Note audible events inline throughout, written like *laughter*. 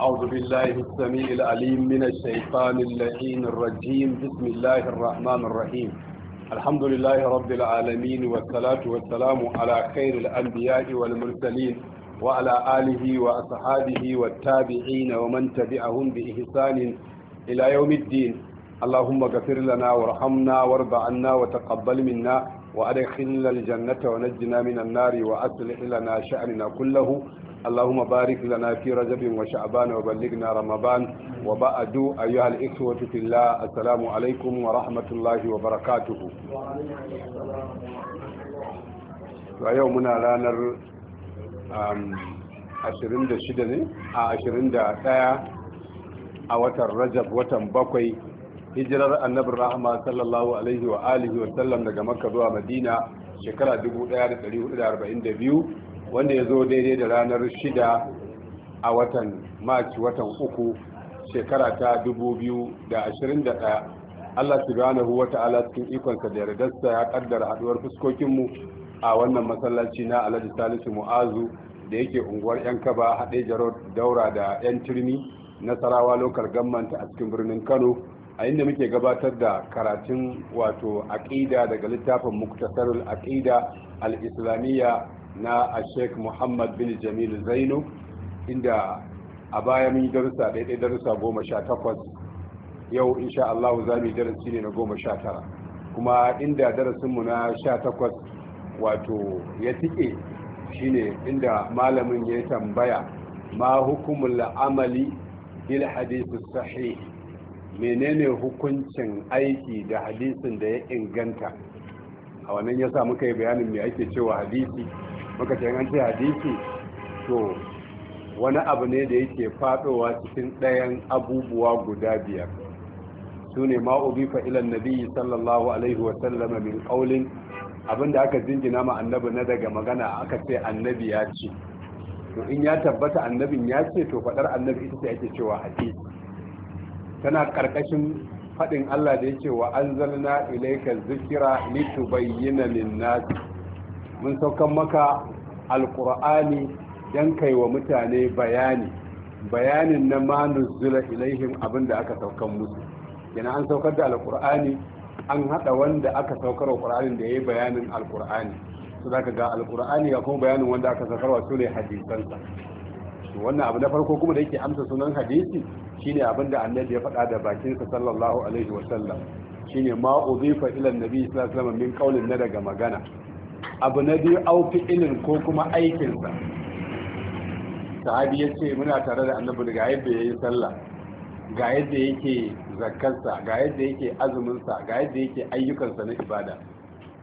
أعوذ بالله السميع العليم من الشيطان اللعين الرجيم بسم الله الرحمن الرحيم الحمد لله رب العالمين والصلاة والسلام على خير الأنبياء والمرسلين وعلى آله وأصحابه والتابعين ومن تبعهم بإحسان إلى يوم الدين اللهم اغفر لنا وارحمنا وارض عنا وتقبل منا وأدخلنا الجنة ونجنا من النار وأصلح لنا شأننا كله اللهم بارك لنا في رجب وشعبان وبلغنا رمضان وبعد أيها الإخوة في الله السلام عليكم ورحمة الله وبركاته ويومنا لانر ashirin da shida ne a ashirin da ɗaya a watan rajab watan bakwai hijirar annabin rahama sallallahu alaihi wa alihi wa sallam daga makka zuwa madina shekara 1442 wanda ya zo daidai da ranar shida a watan maci watan uku shekara ta 2021 allah subhanahu wa ta'ala cikin ikonsa da yardarsa ya kaddara haduwar fuskokinmu a wannan masallaci na alhaji salisu mu'azu da yake unguwar yan kaba haɗe jarot daura da yan turmi nasarawa lokar gammanta a cikin birnin kano a inda muke gabatar da karatun wato aqida daga littafin muktasarul aqida al-islamiyya na Sheikh Muhammad bin Jamil Zainu inda a baya mun yi darussa ɗaya darussa goma sha takwas yau insha Allah za mu yi darasi ne na goma sha tara kuma inda darasinmu na sha takwas wato ya tike shine inda malamin ya tambaya ma hukumul amali bil hadith sahih menene hukuncin aiki da hadisin da ya inganta a wannan yasa muka yi bayanin me ake cewa hadisi muka ce an ce hadisi to wani abu ne da yake fadowa cikin ɗayan abubuwa guda biyar su ne ma'ubifa ilan nabi sallallahu alaihi wasallam min ƙaulin abinda aka jingina ma annabi na daga magana aka ce annabi ya ce to in ya tabbata annabin ya ce to faɗar annabi ita ce ake cewa hadisi tana karkashin faɗin Allah da yake wa anzalna ilayka dhikra litubayyana lin-nas mun saukan maka alqur'ani dan kai wa mutane bayani bayanin na ma nuzula ilaihim abinda aka saukan musu yana an saukar da alqur'ani an hada wanda aka saukar alqur'anin da yayi bayanin alqur'ani to zaka ga alqur'ani ga kuma bayanin wanda aka saukarwa sune sa to wannan abu na farko kuma da yake amsa sunan hadisi shine abin da annabi ya faɗa da bakinsa sallallahu alaihi wa sallam shine ma udhifa ila annabi sallallahu alaihi wa sallam min qaulin na daga magana abu na biyu au fi'ilin ko kuma aikinsa sahabi ya ce muna tare da annabi ga yadda ya yi sallah ga yadda yake zakkarsa ga yadda yake azuminsa ga yadda yake ayyukansa na ibada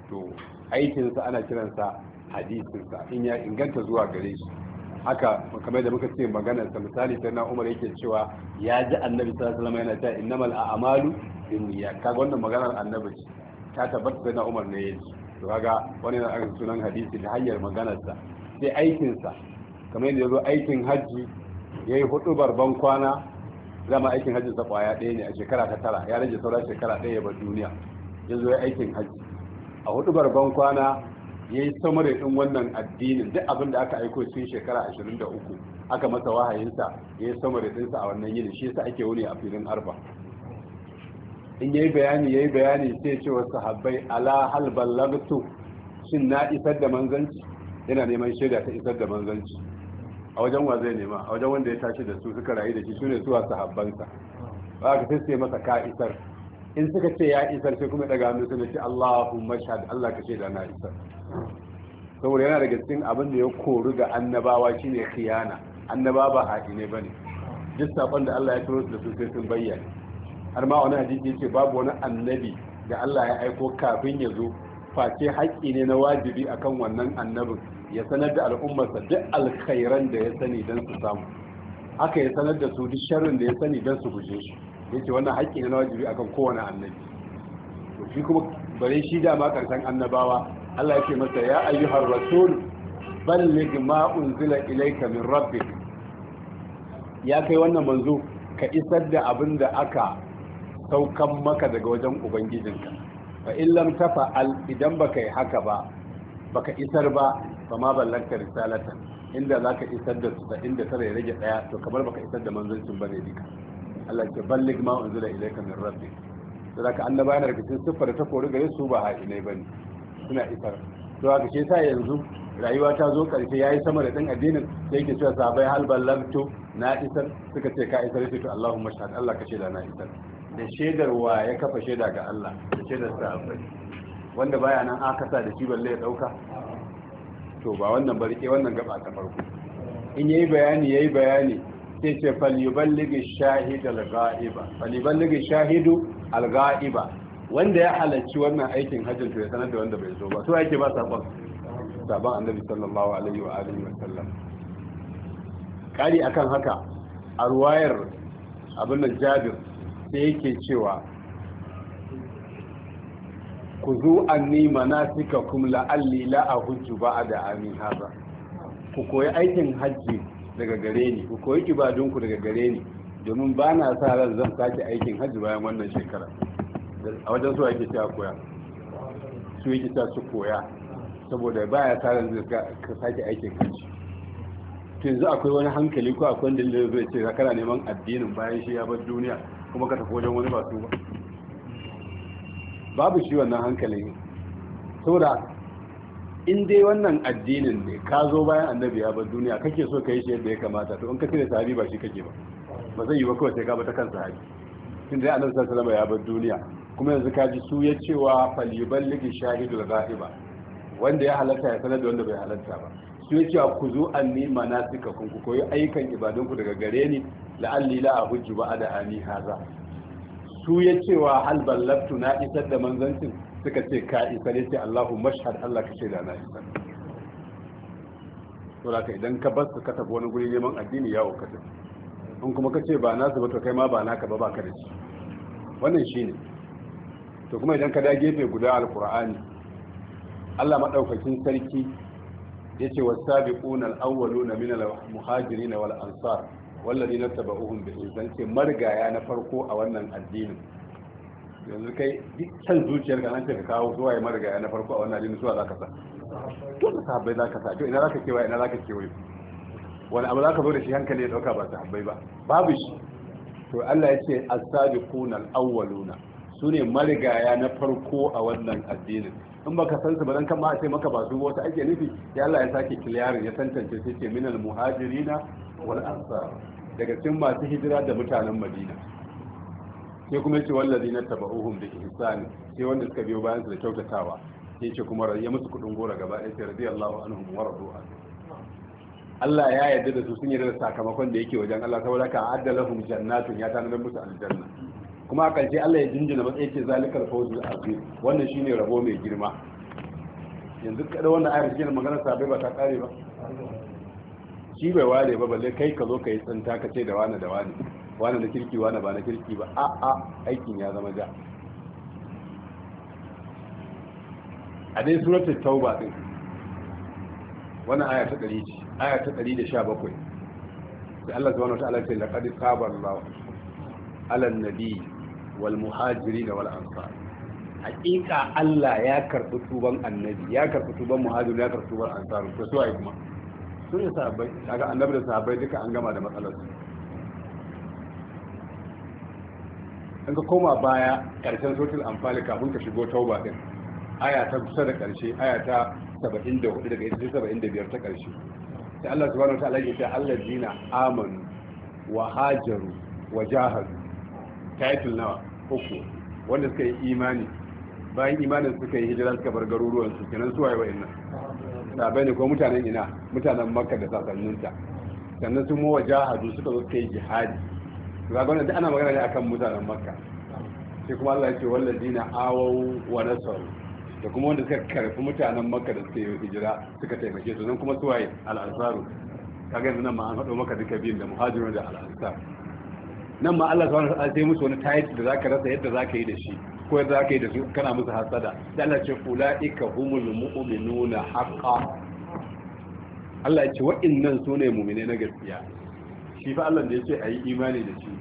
to aikinsa ana kiransa hadisinsa in ya inganta zuwa gare shi haka kamar da muka ce magana ta misali sai na umar yake cewa ya ji annabi sallallahu alaihi wasallam yana cewa innamal a'malu binniyat kaga wannan maganar annabi ce ta tabbata sai na umar ne yaji to kaga wani na aka sunan hadisi da hanyar maganar sa sai aikin sa kamar yadda yazo aikin haji yayi hudubar ban kwana zama aikin hajjin sa kwaya ɗaya ne a shekara ta tara ya rage saura shekara ɗaya ba duniya yazo ya aikin haji a hudubar ban kwana ya yi din ɗin wannan addinin duk abin da aka aiko cikin shekara 23 aka masa wahayinsa ya yi samare ɗinsa a wannan yini shi yasa ake wuni a filin arba in yayi bayani yayi bayani sai ce wasu sahabbai ala hal ballagtu shin na isar da manzanci yana neman shaida ta isar da manzanci a wajen wa zai nema a wajen wanda ya tashi da su suka rayu da shi sune suwa sahabbansa ba ka sai masa ka isar in suka ce ya isa sai kuma daga hannu suna ce Allahumma shahad Allah ka ce da na isar saboda yana daga cikin abin da ya koru ga annabawa shine kiyana annaba ba haƙi bane duk sabon da Allah ya turo da su sai sun bayyana har ma wani hadisi yace babu wani annabi da Allah ya aiko kafin ya zo face haƙƙi ne na wajibi akan wannan annabin ya sanar da al'ummarsa duk alkhairan da ya sani don su samu haka ya sanar da su duk sharrin da ya sani don su guje shi yake wannan haƙƙi ne na wajibi akan kowane annabi to shi kuma bare shi karshen annabawa Allah ya ce masa ya ayyuhar rasul balligh ma unzila ilayka min rabbik ya kai wannan manzo ka isar da abin da aka saukan maka daga wajen ubangijinka fa in lam tafa'al idan baka yi haka ba baka isar ba fa ma ballagta risalatan inda zaka isar da su da inda tare rage daya to kamar baka isar da manzoncin bane dika Allah ke ballig ma unzila ilayka min rabbik saboda annaba yana daga cikin siffar da ta kori gare su ba ba bane suna isar to haka shi yasa yanzu rayuwa ta zo karshe yayi sama da ɗan addinin sai ke cewa sabai hal ballagtu na isar suka ce ka isar sai to Allahumma shahad Allah ka shaida na isar da shaidarwa wa ya kafa shaida ga Allah da shaidar sahabbai wanda baya nan aka sa da shi balle ya dauka to ba wannan barke wannan gaba ta farko in yayi bayani yayi bayani sai ce faliballigi shahid al-ga'iba falyuballigi shahidu al-ga'iba wanda ya halarci wannan aikin hajjin to ya sanar da wanda bai zo ba to yake ba sabon sabon annabi sallallahu alaihi wa alihi wa sallam kari akan haka a ruwayar abin da jabir sai yake cewa ku zu anni manasikakum la'alli la'ahujju ba'da amin haza. ku koyi aikin hajji daga gare ni ku koyi ibadunku daga gare ni domin ba na sa ran zan sake aikin hajji bayan wannan shekara a wajen su ake cewa koya su yake cewa su koya saboda ba ya sa ran zai ka sake aikin hajji to yanzu akwai wani hankali ko akwai wanda da zai ce kana neman addinin bayan shi ya bar duniya kuma ka tafi wajen wani ba su ba babu shi wannan hankali. saboda in dai wannan addinin ne ka zo bayan annabi ya bar duniya kake so ka yi shi yadda ya kamata to in ka kire sahabi ba shi kake ba ba zai yi ba kawai sai ka bata kan sahabi tun dai annabi sallallahu alaihi ya bar duniya kuma yanzu ka ji su ya cewa yuballighi shahidul ghaiba wanda ya halatta ya sanar da wanda bai halatta ba su ya cewa ku zo anni manasika kun ku koyi ayyukan ku daga gare ni la'alli la ahujju ba'da ani haza su ya cewa hal ballabtu na isar da manzancin suka ce ka isa ne ce Allahu mashhad Allah ka shaida na isa to da idan ka bar ka tafi wani guri neman addini yawo ka tafi in kuma ka ce ba na su to kai ma ba naka ba ba ka da shi wannan ne. to kuma idan ka da gefe guda alqur'ani Allah madaukakin sarki ya ce wa yace wasabiquna alawwaluna min almuhajirin wal ansar والذين تبعوهم بإحسان ce marigaya na farko a wannan addinin yanzu kai dukkan zuciyar ka nan ka kawo zuwa ya marigaya na farko a wannan jini zuwa za ka sa to da sahabbai za ka sa to ina za ka kewa ina za ka kewaye wani abu za ka zo da shi hankali ya dauka ba sahabbai ba babu shi to Allah ya ce as-sabiquna al-awwaluna sune marigaya na farko a wannan addini in baka san su ba dan kan ma a ce maka ba su wata ake nufi ya Allah ya sake clearin ya tantance sai ce minal muhajirina wal ansar daga cikin masu hijira da mutanen Madina sai kuma yace wallazi na tabauhum bi ihsani sai wanda suka biyo bayan su da kyautatawa yace kuma ya musu kudin gora gaba ɗaya sai radiyallahu anhum wa radu Allah ya yarda da su sun yarda da sakamakon da yake wajen Allah saboda ka addalahum jannatun ya tanar musu aljanna kuma a ƙarshe Allah ya jinjina matsayin ce zalikar fawzul azim wannan shine rabo mai girma yanzu kada wannan ayar shi magana sabai ba ta kare ba shi bai ware ba balle kai ka zo ka yi tsanta ka ce da wani da wani wani na kirki wani ba na kirki ba a a aikin ya zama ja a dai suratul tauba din wannan aya ta ɗari ce, aya ta ɗari da sha bakwai. sai Allah subhanahu wata alaƙa da laqad qaba Allah ala nabi wal muhajiri da wal ansar hakika Allah ya karɓi tuban annabi ya karɓi tuban muhajirin ya karɓi tuban ansar to su yi kuma sun yi sahabbai kaga annabi da sahabbai duka an gama da matsalar su in ka koma baya karshen sautul amfani kafin ka shigo tauba din aya ta kusa da karshe aya ta 74 daga da 75 ta karshe sai Allah subhanahu wataala ya ce dina amanu wa hajaru wa jahadu title nawa uku wanda suka yi imani bayan imanin suka yi hijira suka bar garuruwan su kenan su waye wa'annan sabai ne ko mutanen ina mutanen makka da sassaninta. sannan sun mawa jahadu suka zo suka yi jihadi to ga ana magana ne akan mutanen makka sai kuma Allah ya ce wallazina awau wa nasaru da kuma wanda suka karfi mutanen makka da suka yi hijira suka taimake su nan kuma suwaye al-ansaru kaga nan ma an haɗo maka duka biyun da muhajirun da al-ansar nan ma Allah subhanahu wa ta'ala sai musu wani tayit da za ka rasa yadda za ka yi da shi ko yadda ka yi da su kana musu hasada dan Allah ce ulaika humul mu'minuna haqqan Allah ya ce wa'annan sune mu'mine na gaskiya shi fa Allah da yake ayi imani da shi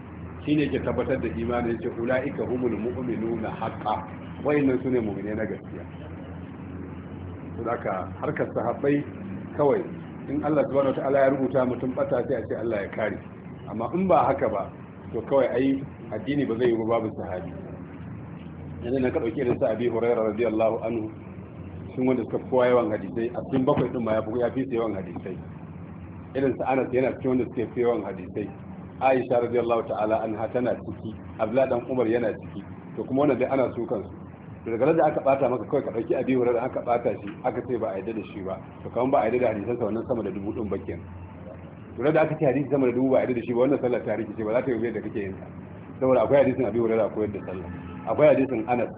shine ke tabbatar da imani yake ulaika humul mu'minuna haqqan wayannan sune mu'mine na gaskiya to daga harkar sahabbai kawai in Allah subhanahu wataala ya rubuta mutum bata sai a ce Allah ya kare amma in ba haka ba to kawai ai addini ba zai yi babu sahabi yanzu na ka dauki irin sa abi hurairah radiyallahu anhu sun wanda suka kowa yawan hadisai a cikin bakwai din ma ya fi yawan hadisai irin su anas yana cikin wanda suke fiyewan hadisai aisha radiyallahu ta'ala anha tana ciki abla dan umar yana ciki to kuma wannan dai ana su kansu daga da aka bata maka kawai ka dauki abi da aka bata shi aka ce ba a yadda da shi ba to kaman ba a yadda da hadisan sa wannan sama da dubu din bakin to da aka ce hadisi sama da dubu ba a yadda da shi ba wannan sallar ta ce ba za ta yi da kake yin sa saboda akwai hadisin abi wurin akwai yadda sallah akwai hadisin anas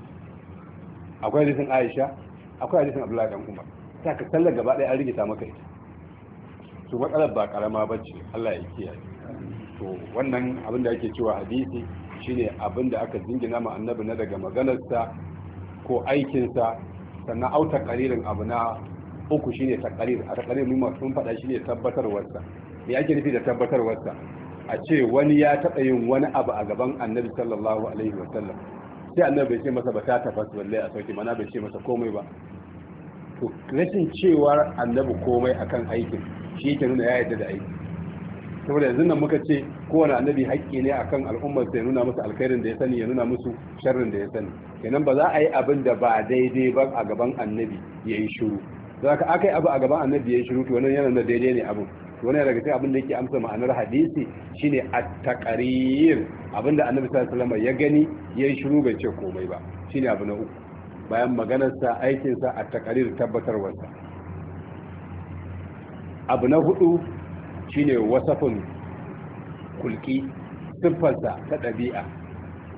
akwai hadisin aisha akwai hadisin abla dan umar ta ka sallar gaba ɗaya an rigita maka ita su matsalar ba karama ba ce Allah ya kiyaye to wannan abin da ake cewa hadisi shine abin da aka jingina ma annabi na daga maganarsa ko aikinsa sannan auta karirin abu na uku shine takarir a takarir mun sun faɗa shine tabbatarwarsa me ake nufi da tabbatarwarsa a ce wani ya taɓa yin wani abu a gaban annabi sallallahu alaihi wa sallam sai annabi bai ce masa ba ta tafas wallahi a sauki mana bai ce masa komai ba to rashin cewa annabi komai akan aikin shi ke nuna ya yadda da aiki saboda yanzu nan muka ce kowane annabi haƙƙi ne akan al'ummar ya nuna musu alkhairin da ya sani ya nuna musu sharrin da ya sani kenan ba za a yi abin da ba daidai ba a gaban annabi ya yi shiru za ka aka yi abu a gaban annabi ya yi shiru to wannan yana na daidai ne abin wani daga cikin abin da yake amsa ma'anar hadisi shine at-taqrir da annabi sallallahu alaihi wasallam ya gani ya yi shiru bai ce komai ba shine abu na uku bayan maganarsa aikinsa at-taqrir tabbatarwarsa abu na hudu shine wasafin kulki siffarsa ta ɗabi'a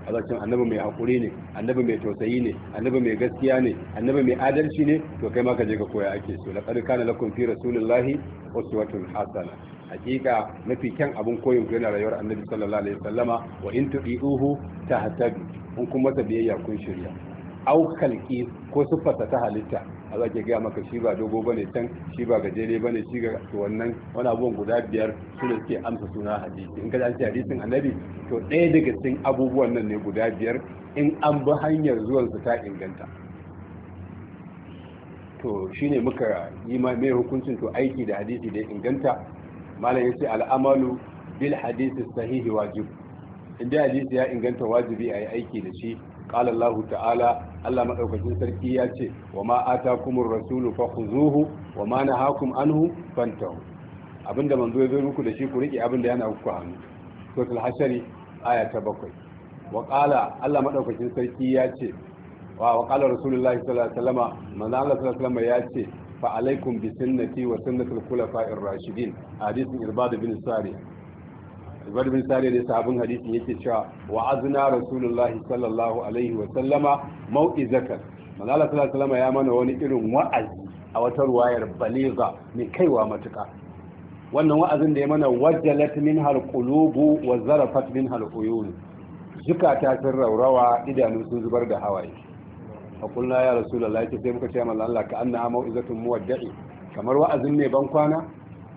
a zarcin annabi mai haƙuri ne annabi mai tausayi ne annabi mai gaskiya ne annabi mai adalci ne to kai ma je ka koya ake so laqad kana lakum fi rasulillahi uswatun hasana hakika mafi kyan abin koyin ku yana rayuwar annabi sallallahu alaihi wasallama wa in tudiuhu tahtadu in kuma ta biyayya kun shirya au khalqi ko siffarsa ta halitta a zake gaya maka shi ba dogo bane can shi ba gajere bane shi ga to wannan wani abubuwan guda biyar su da suke amsa suna hadisi in ka dace hadisin annabi to ɗaya daga cikin abubuwan nan ne guda biyar in an bi hanyar zuwan su ta inganta to shine muka yi mai hukuncin to aiki da hadisi da inganta malam yace al'amalu bil hadisi sahihi wajib inda hadisi ya inganta wajibi a yi aiki da shi qala Allah ta'ala Allah madaukakin sarki ya ce wa ma atakumur rasulu fakhuzuhu wa ma nahakum anhu fantahu abinda manzo ya zo muku da shi ku rike abinda yana ku hannu suratul hashari aya ta bakwai wa Allah madaukakin sarki ya ce wa wa qala rasulullahi sallallahu alaihi wasallam manzo ya ce fa alaikum bi sunnati wa sunnatul khulafa'ir rashidin hadithin irbad bin sari zubar bin sare ne sabon hadisi yake cewa wa azina rasulullahi sallallahu alaihi wa sallama zakar manala sallallahu ya mana wani irin wa'azi a wata ruwayar baliza mai kaiwa matuka wannan wa'azin da ya mana wajjalat min hal qulubu wa zarafat min hal uyun zukata sun raurawa idanu sun zubar da hawaye fa kulna ya rasulullahi yake sai muka ce manzo Allah ka anna mau'izatun muwadda'i kamar wa'azin ne ban kwana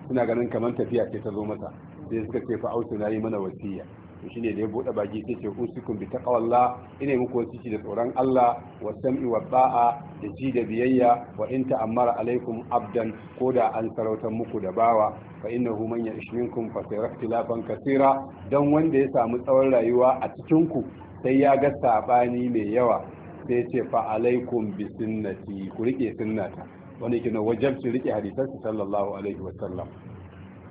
suna ganin kamar tafiya ce ta zo masa sai suka ce fa ausu na yi mana wasiya to shine da ya bude baki sai ce usikum bi taqwallah ina muku wasiki da tsoron Allah wa sam'i wa ba'a da ji da biyayya wa in ta'ammara alaikum abdan ko da an sarautar muku da bawa fa innahu man ya'ish minkum fa sayara ikhtilafan kaseera dan wanda ya samu tsawon rayuwa a cikin ku sai ya ga sabani mai yawa sai ce fa alaikum bi sunnati ku rike sunnata wani kina wajabci rike hadisansa sallallahu alaihi wa sallam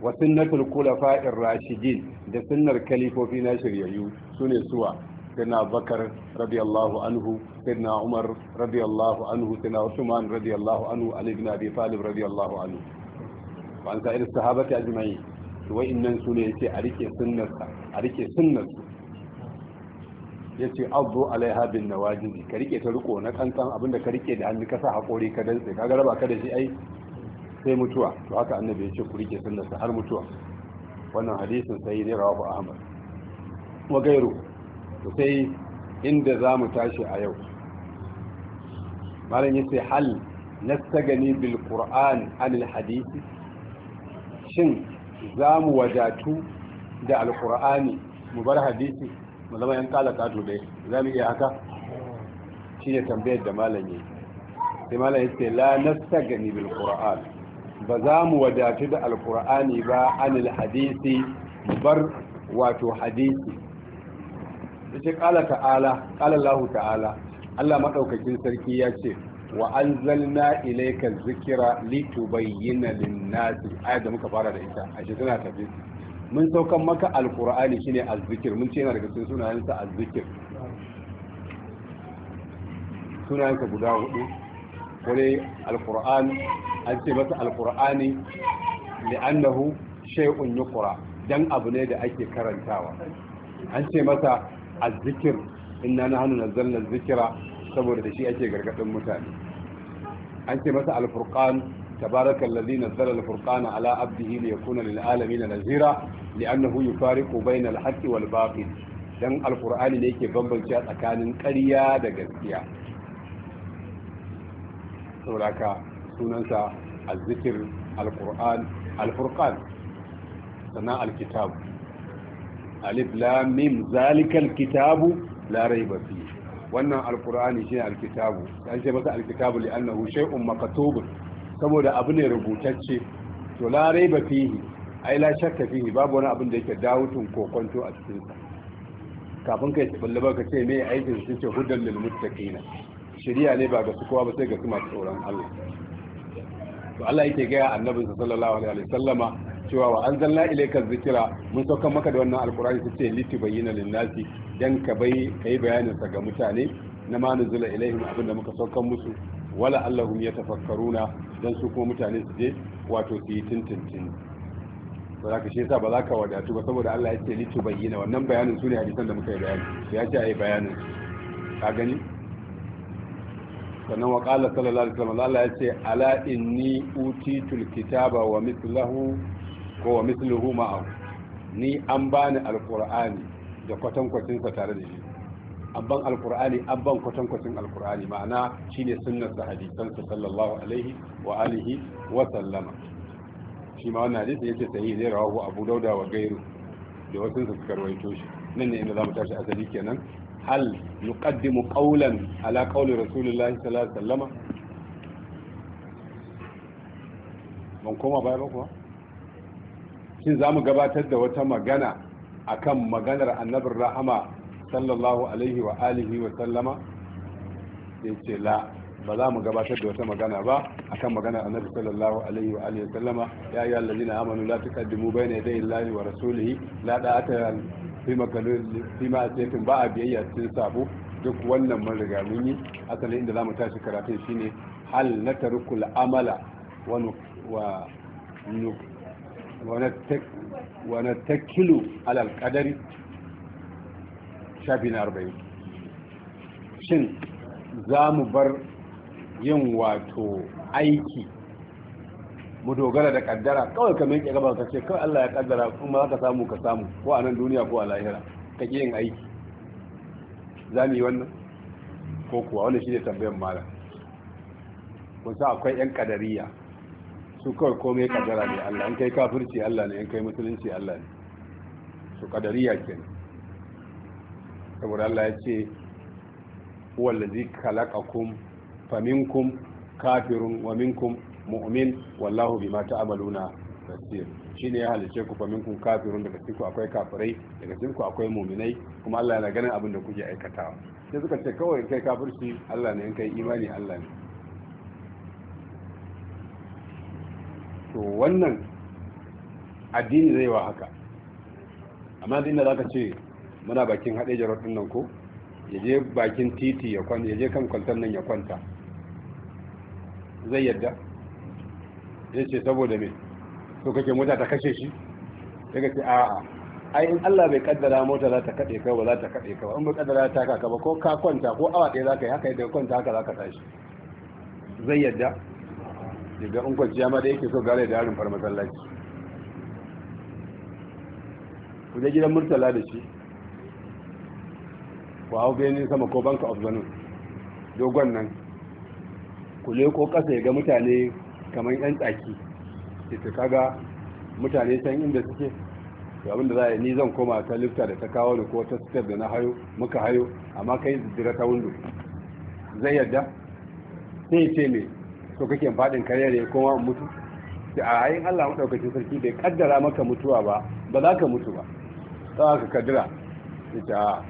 wa sunnatul khulafa'ir rashidin da sunnar kalifofi na shiryayyu sune suwa sayyidina bakar radiyallahu anhu sayyidina umar radiyallahu anhu sayyidina usman radiyallahu anhu ali ibn abi talib radiyallahu anhu wa an sa'ir sahabati ajma'in to wa'innan sune yace a rike sunnarsa a rike sunnarsu yace abdu alaiha bin nawajibi ka rike ta riko na kankan abinda ka rike da hannu ka sa hakori ka dantse ka raba ka da shi ai sai mutuwa to haka annabi ya ce ku rike sunnarsa har mutuwa wannan hadisin sai ne rawahu ahmad wa gairu to sai inda za mu tashi a yau malam yace hal nastagani bil qur'an anil hadisi shin za mu wadatu da alqur'ani mu bar hadisi mu zama yan kala kato dai za mu iya haka shine tambayar da malam yayi sai malam yace la nastagani bil qur'an ba za mu wadatu da alkur'ani ba anil hadisi bar wato hadisi yace kala ta'ala kala Allah ta'ala Allah madaukakin sarki ya ce wa anzalna ilayka dhikra litubayyana lin-nasi da muka fara da ita ashe tana tafi mun saukan maka alkur'ani shine azzikir mun ce yana daga cikin sunayensa azzikir sunayensa guda hudu wani alkur'an an ce masa alkur'ani li'annahu shay'un yuqra dan abu ne da ake karantawa an ce masa azzikir inna nahnu nazzalna zikira saboda da shi ake gargadin mutane an ce masa alfurqan تبارك الذي نزل الفرقان على عبده Nazira, للعالمين نذيرا لأنه يفارق بين الحق والباطل dan alkur'ani ne yake a tsakanin ƙarya da gaskiya sauraka sunansa al-zikir al-qur'an al-furqan sannan al-kitab alif lam mim zalikal kitabu la raiba fihi wannan alkur'ani shine alkitabu an ce masa alkitabu li'annahu shay'un maktubun saboda abu ne rubutacce to la raiba fihi ai la shakka fihi babu wani abin da yake dawutun kokonto a cikin sa kafin kai tsalle ba ka ce me aikin su ce hudan lil muttaqina shari'a ne ba ga su kowa ba sai ga su masu tsoron Allah to Allah yake gaya annabin sa sallallahu alaihi sallama cewa wa anzalna ilayka zikira mun sauka maka da wannan alqur'ani ce liti lin-nasi dan ka bai kai bayanin sa ga mutane na ma nuzula ilaihim abinda muka saukan musu wala allahum yatafakkaruna dan su kuma mutane su je wato su yi tintintin ba za ka shi yasa ba za ka wadatu ba saboda Allah ya ce litubayyana wannan bayanin su ne hadisan da muka yi bayani ya ce ai bayanin ka gani sannan wa sallallahu alaihi wasallam Allah ya ce ala inni utitul kitaba wa mithluhu ko wa mithluhu ma'ahu ni an bani alqur'ani da kwatankwacin sa tare da shi abban alqur'ani abban kwatankwacin alqur'ani ma'ana shine sunnar sa hadisan sallallahu alaihi wa alihi wa sallama shi ma wannan hadisi yake sahihi ne rawahu abu dauda wa gairu da wasu suka rawaito shi nan ne inda zamu tashi asali kenan hal nuqaddimu qawlan ala qawli rasulullahi sallallahu alaihi wasallama ban koma baya ba kuwa shin za mu gabatar da wata magana akan maganar annabin rahama sallallahu alaihi wa alihi wa sallama ya ce la ba za mu gabatar da wata magana ba akan maganar annabi sallallahu alaihi wa alihi wa sallama ya yi allazina amanu la tuqaddimu bayna yaday illahi wa rasulihi la da'ata fi makalin fi ma asefin ba a biyayya cikin sabo duk wannan mun riga mun yi asalin inda zamu tashi karatun shine hal na tarkul amala wa wa wa na takilu alal qadari shafi na arba'in shin zamu bar yin wato aiki mu dogara da kaddara kawai ka miƙe gaba ka ce kawai Allah ya kaddara kuma ka samu ka samu ko a nan duniya ko a lahira ka ƙi yin aiki za mu yi wannan ko kuwa wani shi ne tambayar malam kun sa akwai yan kadariya su kawai komai kaddara ne Allah in kai kafirci Allah ne in kai musulunci Allah ne su kadariya kenan saboda Allah ya ce huwa allazi khalaqakum faminkum kafirun wa minkum mu'min wallahu bima ta'maluna basir shine ya halice ku kun kafirun daga cikin ku akwai kafirai daga cikin ku akwai mu'minai kuma Allah yana ganin abin da kuke aikatawa sai suka ce kawai kai kafirci Allah ne in kai imani Allah ne to wannan addini zai wa haka amma din da zaka ce muna bakin haɗe jarar ɗin nan ko ya je bakin titi ya kwanta ya je kan kwantar nan ya kwanta zai yadda ya ce saboda me so kake mota ta kashe shi ga ce a'a ai in Allah bai kaddara mota za ta kaɗe ka ba za ta kaɗe ka ba in bai kaddara ta ka ba ko ka kwanta ko awa ɗaya za ka yi haka yadda kwanta haka za ka tashi zai yadda daga in kwanciya ma da yake so gare da yarin far masallaci ku je gidan murtala da shi ku hau benin sama ko banka of dogon nan ku leko ƙasa ya ga mutane kamar yan tsaki ita kaga mutane san inda suke to abin da za a ni zan koma ta lifta da ta kawo ni ko ta step da na hayo muka hayo amma kai zira ta windo zai yadda sai ce me to kake fadin karyar ne koma mutu sai a yayin Allah madaukakin sarki bai kaddara maka mutuwa ba ba za ka mutu ba za ka kaddara ita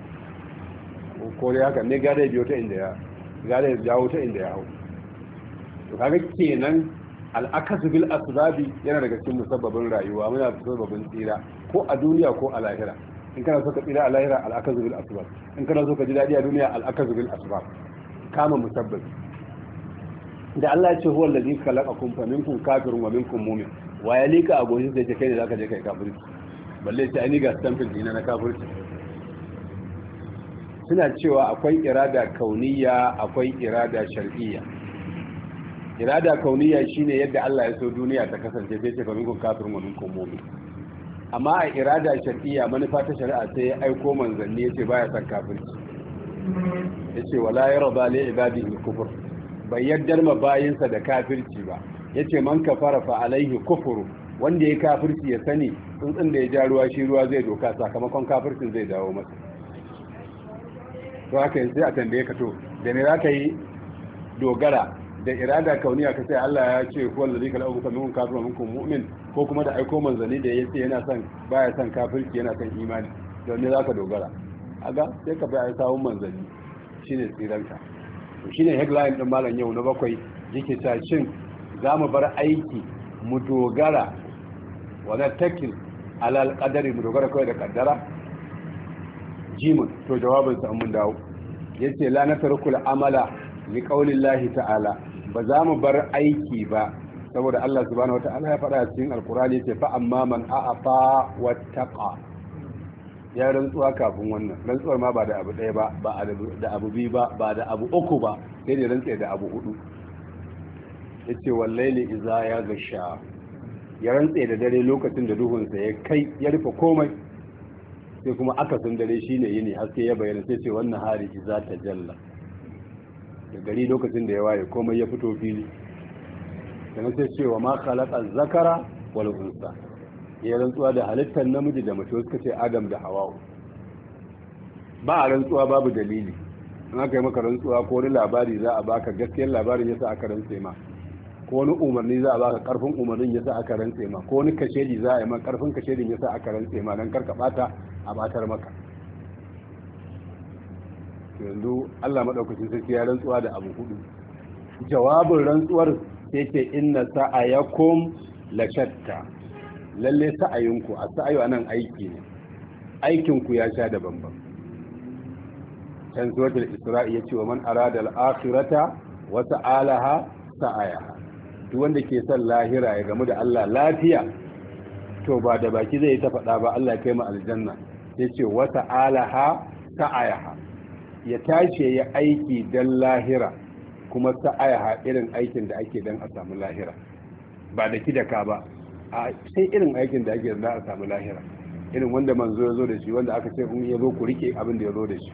ko dai haka ne gare biyo ta inda ya gare jawo ta inda ya hau to kaga kenan al'akasu bil asbabi yana daga cikin musabbabin rayuwa muna musabbabin tsira ko a duniya ko a lahira in kana so ka tsira a lahira al'akasu bil asbab in kana so ka ji dadi a duniya al'akasu bil asbab kama musabbabi da Allah ya ce huwa allazi khalaqakum fa minkum kafirun wa minkum mu'min wa ya lika a gojin da kai ne zaka je kai kafirci balle sai ani ga stampin dina na kafirci suna cewa akwai irada kauniya akwai irada shar'iyya irada kauniya shine yadda Allah ya so duniya ta kasance sai ce kun kafir mu minkum mu'min amma a irada shar'iyya manufa ta shari'a sai ya aiko manzanni yace baya san kafirci yace wala yarda li ibadihi kufur bai yaddar ma bayinsa da kafirci ba yace man kafara fa alaihi kufuru wanda ya kafirci ya sani tsuntsun da ya ja ruwa shi ruwa zai doka sakamakon kafircin zai dawo masa to haka yanzu a tambaye ka to da za ka yi dogara da irada kauniya ka sai Allah ya ce huwal ladhi kala ukum minkum kafirun minkum mu'min ko kuma da aiko manzani da yace yana son baya son kafirci yana son imani to ne zaka dogara aga sai ka bai sawo manzani shine tsiranka to shine headline din malam yau na bakwai yake ta shin za mu bar aiki mu dogara wala takil alal qadari mu dogara kai da kaddara jimin to jawabin sa mun dawo yace la na tarkul amala li qaulillahi ta'ala ba za mu bar aiki ba saboda Allah subhanahu ta'ala ya fara cikin alkurani ce fa amma man a'afa taqa ya rantsuwa kafin wannan rantsuwar ma ba da abu ɗaya ba ba da abu biyu ba ba da abu uku ba sai da rantsa da abu hudu yace wallahi iza ya gasha ya rantsa da dare lokacin da duhunsa ya kai ya rufe komai sai kuma akasin dare shine yini haske ya bayyana sai ce wannan hari iza ta jalla da gari lokacin da ya waye komai ya fito fili sannan sai cewa ma khalaqa zakara wal unsa ya rantsuwa da halittar namiji da mace suka ce adam da hawa ba a rantsuwa babu dalili in aka yi maka rantsuwa ko wani labari za a baka gaskiyar labarin yasa aka rantse ma ko wani umarni za a baka karfin umarnin yasa aka rantse ma ko wani kashedi za a yi ma karfin kashedin yasa aka rantse ma dan karka bata a batar maka yanzu Allah madaukakin sarki ya rantsuwa da abu hudu jawabin rantsuwar sai ce inna sa'ayakum la shatta lalle sa'ayinku a sa'ayu anan aiki ne aikin ku ya sha da bambam can suratul isra'i yace wa man arada al-akhirata wa sa'alaha sa'ayaha duk wanda ke son lahira ya gamu da Allah lafiya to ba da baki zai ta faɗa ba Allah ya kai mu aljanna yace wa sa'alaha sa'ayaha ya tashi ya aiki don lahira kuma ta ayaha irin aikin da ake don a samu lahira ba da ka ba a sai irin aikin da ake da a samu lahira irin wanda manzo ya zo da shi wanda aka ce in ya zo ku rike abin da ya zo da shi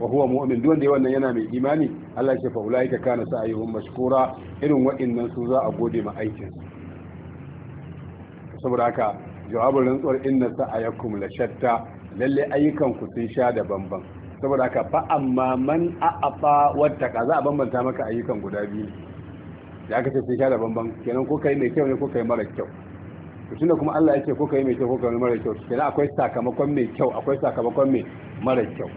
wa huwa mu'min duk wanda wannan yana mai imani Allah ya fa ulaika kana sa'ayuhum mashkura irin wa'annan su za a gode ma aikin saboda haka jawabin rantsuwar inna sa'ayakum la shatta lalle ayyukan ku sun sha da bambam saboda ka fa amma man afa wata ka za a bambanta maka ayyukan guda biyu da aka ce sai sha da bamban kenan ko kai mai kyau ne ko kai mara kyau to tunda kuma Allah ya ce ko kai mai kyau ko kai mara kyau kenan akwai sakamakon mai kyau akwai sakamakon mai mara kyau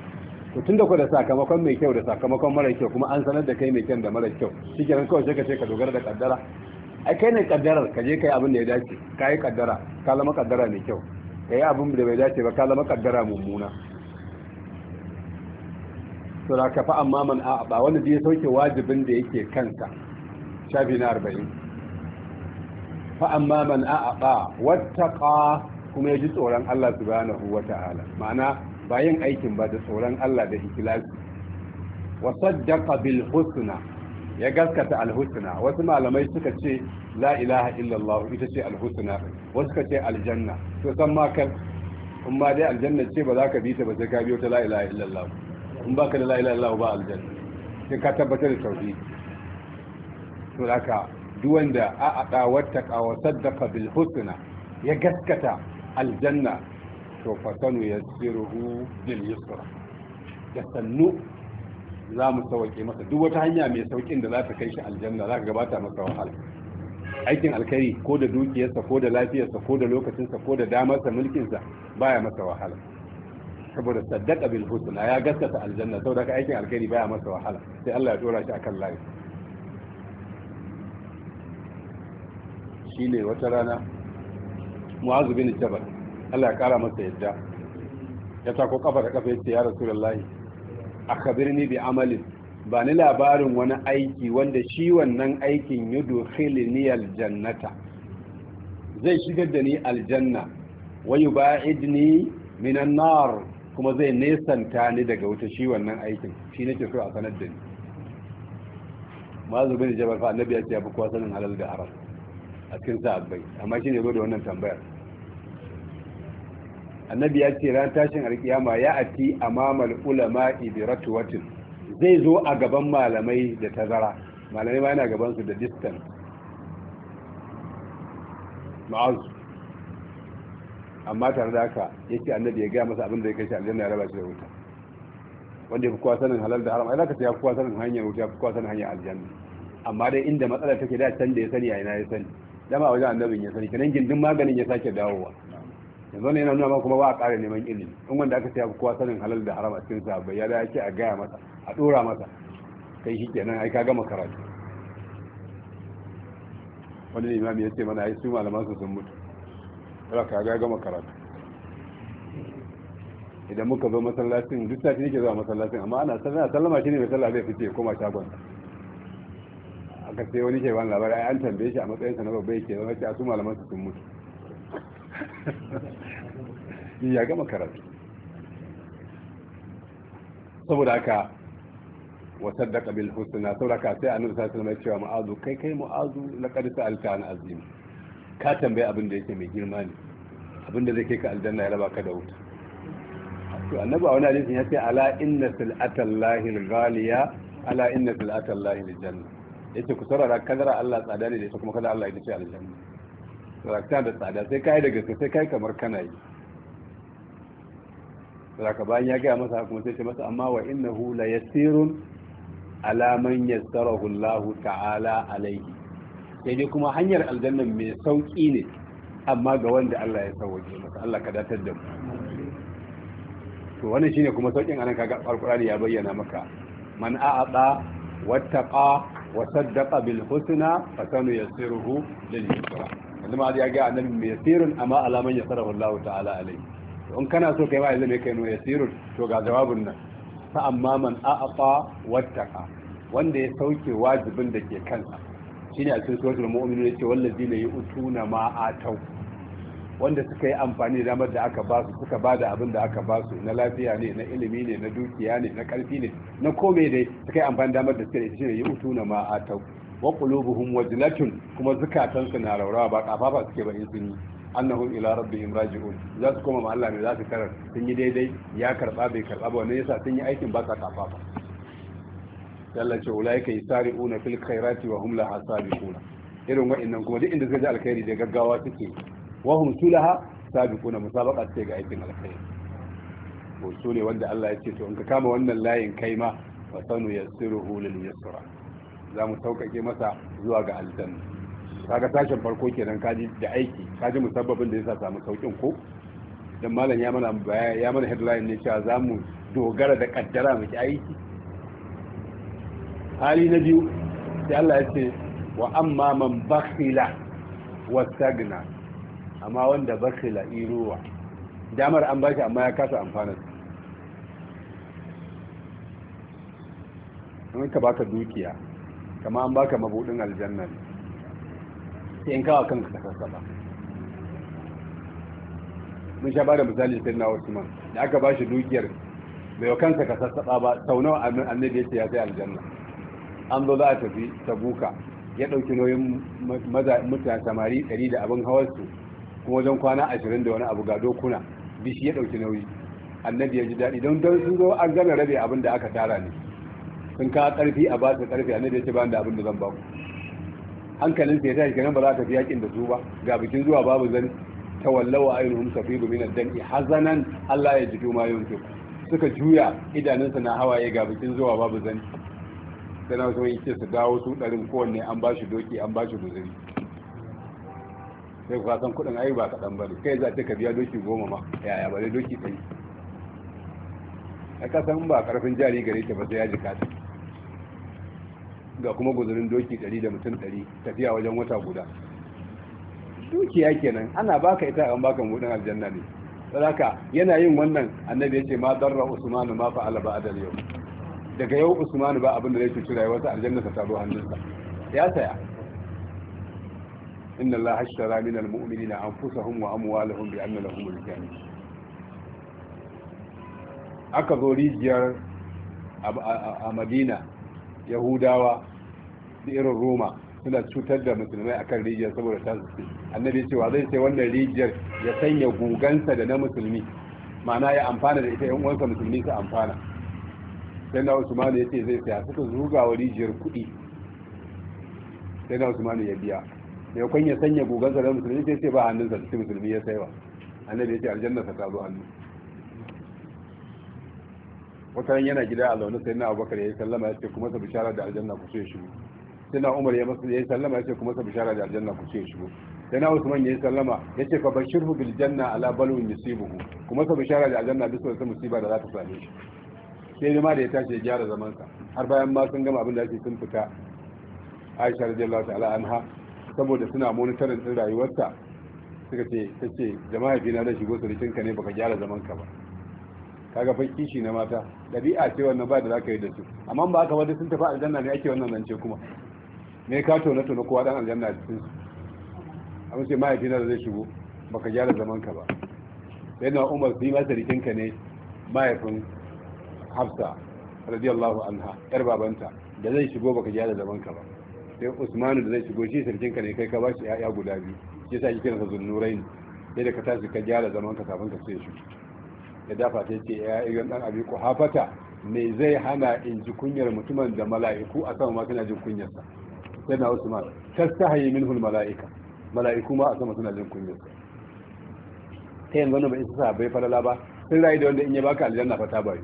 to tunda ko da sakamakon mai kyau da sakamakon mara kyau kuma an sanar da kai mai kyau da mara kyau shikenan kawai sai ka ce ka dogara da kaddara ai kai ne kaddarar ka je kai abin da ya dace kai kaddara ka zama kaddara mai kyau kai abin da bai dace ba ka zama kaddara mummuna to da ka fa amma man a ba wanda ya sauke wajibin da yake kanka shafi na arba'in fa amma man a ba wattaqa kuma ya ji tsoron Allah subhanahu wata'ala ma'ana bayan aikin ba da tsoron Allah da ikhlasi wa saddaqa bil husna ya gaskata alhusna wasu malamai suka ce la ilaha illallah ita ce alhusna wasu suka ce aljanna to san ma kan kuma dai aljanna ce ba za ka bi ta ba sai ka biyo ta la ilaha illallah in baka da la ilaha illallah ba aljanna sai ka tabbatar da tauhid to haka duk wanda a ada wattaqa wa saddaqa bil husna ya gaskata aljanna to fa sanu yassiruhu bil yusra da sannu za mu sauke masa duk wata hanya mai saukin da za ta kai shi aljanna za ka gabata masa wahala aikin alkhairi ko da dukiyarsa ko da lafiyarsa ko da lokacinsa ko da damarsa mulkinsa baya masa wahala saboda saddaka bil husna ya gaskata aljanna saboda ka aikin alkhairi baya masa wahala sai Allah ya tura shi akan layi shine wata rana Mu'azu bin Jabal Allah ya kara masa yadda ya ko kafa da kafa yace ya Rasulullahi akhbirni bi amalin ba ni labarin wani aiki wanda shi wannan aikin ni aljannata zai shigar da ni aljanna wa yuba'idni minan nar kuma zai nesanta ni daga wuta shi wannan aikin shi nake so a sanar da ni mazu bin jabar fa annabi ya ce abu kowa sanin halal da haram a cikin sahabbai amma shi ne zo da wannan tambayar annabi ya ce ran tashin alkiyama ya ati amamal ulama bi ratwatin zai zo a gaban malamai da tazara malamai ma yana gaban su da distance ma'azu amma tare da haka yake annabi ya gaya masa abin da ya kai shi aljanna ya raba shi da wuta wanda ya fi kwasanin sanin halal da haram ai zaka ce ya fi kowa sanin hanyar wuta ya fi kwasanin hanyar aljanna amma dai inda matsalar take da can da ya sani a ina ya sani dama wajen annabin ya sani kenan gindin maganin ya sake dawowa yanzu ne yana nuna ma kuma ba a ƙara neman ilimi in wanda aka ce ya fi kowa sanin halal da haram a cikin sahabbai ya da yake a gaya masa a ɗora masa kai shi kenan ai ka gama karatu wani imami ya ce mana ai su malaman su sun mutu za ka ga gama karatu idan muka zo masallacin duk sati nake zuwa masallacin amma ana sallama sallama shine ne mai sallah zai fice koma shagon aka sai wani ke wani labari an tambaye shi a matsayin sa na babba yake zama shi a su malaman su sun mutu ni ya gama karatu saboda haka wa saddaqa bil husna saboda haka sai annabi sallallahu alaihi wasallam ya ce wa mu'azu kai kai mu'azu laqad sa'alta an azim ka tambaye abin da yake mai girma ne abin da zai kai ka aljanna ya raba ka da wuta to annabi a wani hadisi ya ce ala inna silatallahi al-ghaliya ala inna silatallahi al-janna yace ku sarara kadara Allah tsada ne da ita kuma kadara Allah ya ce aljanna rakta da tsada sai kai da gaske sai kai kamar kana yi saka bayan ya gaya masa kuma sai ce masa amma wa innahu la yasirun ala man yassarahu Allah ta'ala alayhi sai dai kuma hanyar aljannan mai sauƙi ne amma ga wanda Allah ya sauwaje masa Allah ka datar da mu to wannan shine kuma saukin anan kaga alqur'ani ya bayyana maka man a'ada wattaqa wa saddaqa bil husna fa sanu yasiruhu lil yusra kuma ma ya ga annabi mai yasirun amma alaman yasarahu Allah ta'ala alai to in kana so kai ma yanzu ne kai no yasirun to ga jawabin nan fa amma man a'ata wattaqa wanda ya sauke wajibin da ke kansa shine a cikin suratul mu'minun yace wallazina yu'tuna ma atau wanda suka yi amfani da damar da aka ba su suka ba da abin da aka ba su na lafiya ne na ilimi ne na dukiya ne na karfi ne na kome dai suka yi amfani da damar da suka yi shine yu'tuna ma atau wa qulubuhum wajlatun kuma zukatansu na raurawa ba kafafa suke ba in sun yi annahum ila rabbihim raji'un za su koma ma Allah ne za su karar sun yi daidai ya karba bai karba ba wannan yasa sun yi aikin ba ka kafa ba Allah ce ulaika yasari'una fil khairati wa hum laha sabiquna irin wa'annan kuma duk inda suka ji alkhairi da gaggawa suke wa hum sulaha sabiquna musabaqa ce ga aikin alkhairi ko su ne wanda Allah ya ce to in ka kama wannan layin kai ma fa sanu yassiruhu lil yusra za mu sauƙaƙe masa zuwa ga aljanna kaga tashin farko kenan kaji da aiki kaji musabbabin da yasa samu saukin ko dan malam ya mana ya mana headline ne cewa za mu dogara da kaddara mu ki aiki hali na biyu sai Allah ya ce wa amma man bakhila wastagna amma wanda bakhila iruwa damar an bashi amma ya kasa amfanar An ka baka dukiya kama an baka mabudin aljanna sai in kawo kanka ta ba mun sha bada misali sai na wasu man da aka bashi dukiyar bai wa kansa ka sassaba ba sau nawa annabi ya ce ya sai aljanna an zo za a tafi tabuka ya ɗauki nauyin mutane samari ɗari da abin hawarsu kuma wajen kwana ashirin da wani abu ga dokuna bishi ya ɗauki nauyi annabi ya ji daɗi don don sun zo an gana rabe abin da aka tara ne sun ka ƙarfi a ba su ƙarfi annabi ya ce ba da abin da zan ba ku hankalin sai ya tashi kenan ba za ta fi yakin da su ba ga bikin zuwa babu zan tawallawa ainihin safiru min ad-dam'i hazanan Allah ya jidu ma su. suka juya idanunsa na hawaye ga bikin zuwa babu zan sai na wasu ce su dawo su ɗarin kowanne an ba shi doki an ba shi guzuri sai kuwa san kuɗin ayi ba kaɗan ba ne kai za ta biya doki goma ma yaya ba dai doki ɗari a kasan ba ƙarfin jari gare ta ba sai ya jika ta ga kuma guzurin doki ɗari da mutum ɗari tafiya wajen wata guda dukiya kenan ana baka ita an baka mudin aljanna ne sadaka yana yin wannan annabi yace ma darra usmanu ma fa'ala ba'da al-yawm daga yau usmanu ba abin da zai cuci rayuwarsa aljanna ta taro hannunsa ya saya inna allaha ashtara min almu'minina anfusahum wa amwalahum bi anna lahum aljanna aka zo rijiyar a madina yahudawa da irin roma suna cutar da musulmai akan rijiyar saboda ta annabi cewa zai sai wannan rijiyar ya sanya gugansa da na musulmi ma'ana ya amfana da ita yan uwansa musulmi su amfana sai na usmanu ya ce zai saya suka zuga wa rijiyar kuɗi sai na usmanu ya biya mai kwan ya sanya gugan sa musulmi sai ce ba hannun sa cikin musulmi ya saiwa annabi ya ce aljanna sa ta zo hannu wata yana gida a launin sai na abubakar ya yi sallama ya ce kuma sa bishara da aljanna ku so ya shigo sai na umar ya yi sallama ya ce kuma sa bishara da aljanna ku so ya shigo sai na usman ya yi sallama ya ce fa bashirhu bil janna ala balwin yusibuhu kuma sa bishara da aljanna bisa wata musiba da za ta same shi sai ne ma da ya tashi ya gyara zamansa har bayan ma sun gama abin da ake sun fita aisha radiyallahu ta'ala anha saboda suna monitorin din rayuwarsa suka ce ta ce da mahaifina zai shigo surukin ka ne baka gyara zamanka ba kaga fa kishi na mata ɗabi'a ce wannan ba da za ka yi da su amma ba aka wanda sun tafi aljanna ne ake wannan zance kuma me ka tona tona kowa dan aljanna a cikin su amma sai mahaifina da zai shigo baka gyara zamanka ba sai na umar sai ma surukin ka ne mahaifin hafsa radiyallahu anha yar babanta da zai shigo baka jiya da zaman ka ba sai usmanu da zai shigo shi sarkin ka ne kai ka bashi yaya guda biyu shi yasa kike nasa zunnurain sai da ka tashi ka da zaman ka kafin ka sai shi ya dafa ta ce ya ayyan dan abi ku hafata me zai hana in ji kunyar mutumin da mala'iku a sama ma kana jin kunyarsa sai na usman tastahayi minhu mala'ika mala'iku ma a sama suna jin kunyarsa ta yanzu wannan bai isa bai falala ba sun rayu da wanda in ya baka aljanna fa ta bayu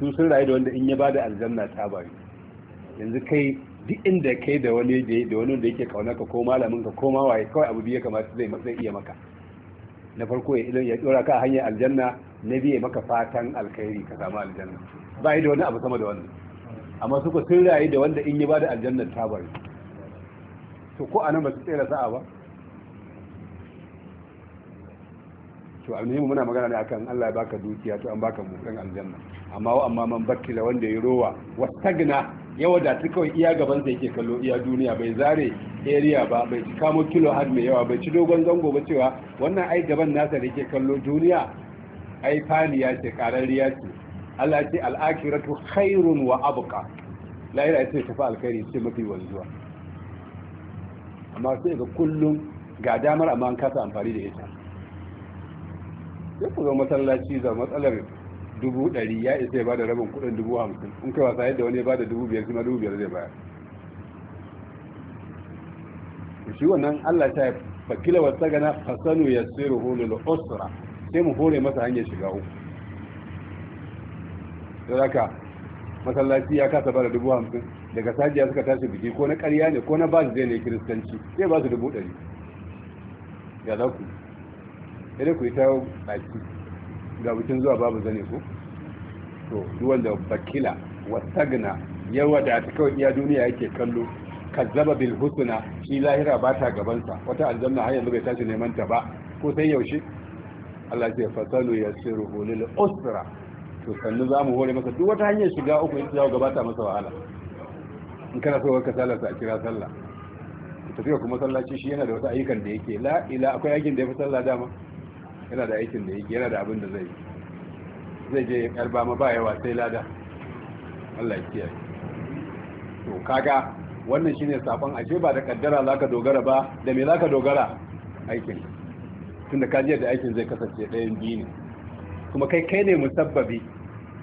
su sun rayu da wanda in ya bada aljanna ta bari yanzu kai duk inda kai da wani da da wani da yake kauna ka ko malamin ka ko ma waye kawai abu biye kamata zai zai iya maka na farko ya ilmi ya dora ka hanyar aljanna na biye maka fatan alkhairi ka samu aljanna ba da wani abu sama da wannan amma suka sun rayu da wanda in ya bada aljanna ta bari to ko anan ba su tsira sa'a ba to mu muna magana ne akan Allah ya baka dukiya to an baka mukan aljanna amma wa amma man bakkila wanda ya rowa wastagna ya wadatu kawai iya gaban sa yake kallo iya duniya bai zare area ba bai ci kamo kilo har mai yawa bai ci dogon zango ba cewa wannan ai gaban nasa da yake kallo duniya ai ya ce kararriya ce Allah ce al'akiratu khairun wa abqa lahira ce tafi alkhairi ce mafi wanzuwa amma sai ga kullum ga damar amma an kasa amfani da ita yau ku masallaci da matsalar dubu ɗari ya isa ya bada rabin kuɗin dubu hamsin in kai wasa yadda wani ya bada dubu biyar kuma dubu biyar zai bayar shi wannan Allah ta yi fakila wata gana fasanu ya tsiru da usra sai mu hore masa hanyar shiga uku sadaka masallaci ya kasa bada dubu hamsin daga sajiya suka tashi biki ko na ƙarya ne ko na ba zai ne kiristanci sai ba su dubu ɗari ya za ku sai ku yi ta baki ga bikin zuwa babu zane ko to da bakila yawa da ta kawai iya duniya yake kallo kazzaba bil husna shi lahira ba ta gabansa wata aljanna har yanzu bai tashi neman ta ba ko sai yaushe Allah ya fasalu yasiru lil usra to sannu za mu hore masa duk wata hanyar shiga uku in za gabata masa wahala in kana so ka sallar a kira sallah tafiya kuma sallaci shi yana da wasu ayyukan da yake la ila akwai aikin da ya fi sallah dama yana da aikin da yake yana da abin da zai yi zai je karba ma ba yawa sai lada Allah ya kiyaye to kaga wannan shine safan ashe ba da kaddara zaka dogara ba da me zaka dogara aikin tunda ka ji da aikin zai kasance ɗayan biyu ne kuma kai kai ne musabbabi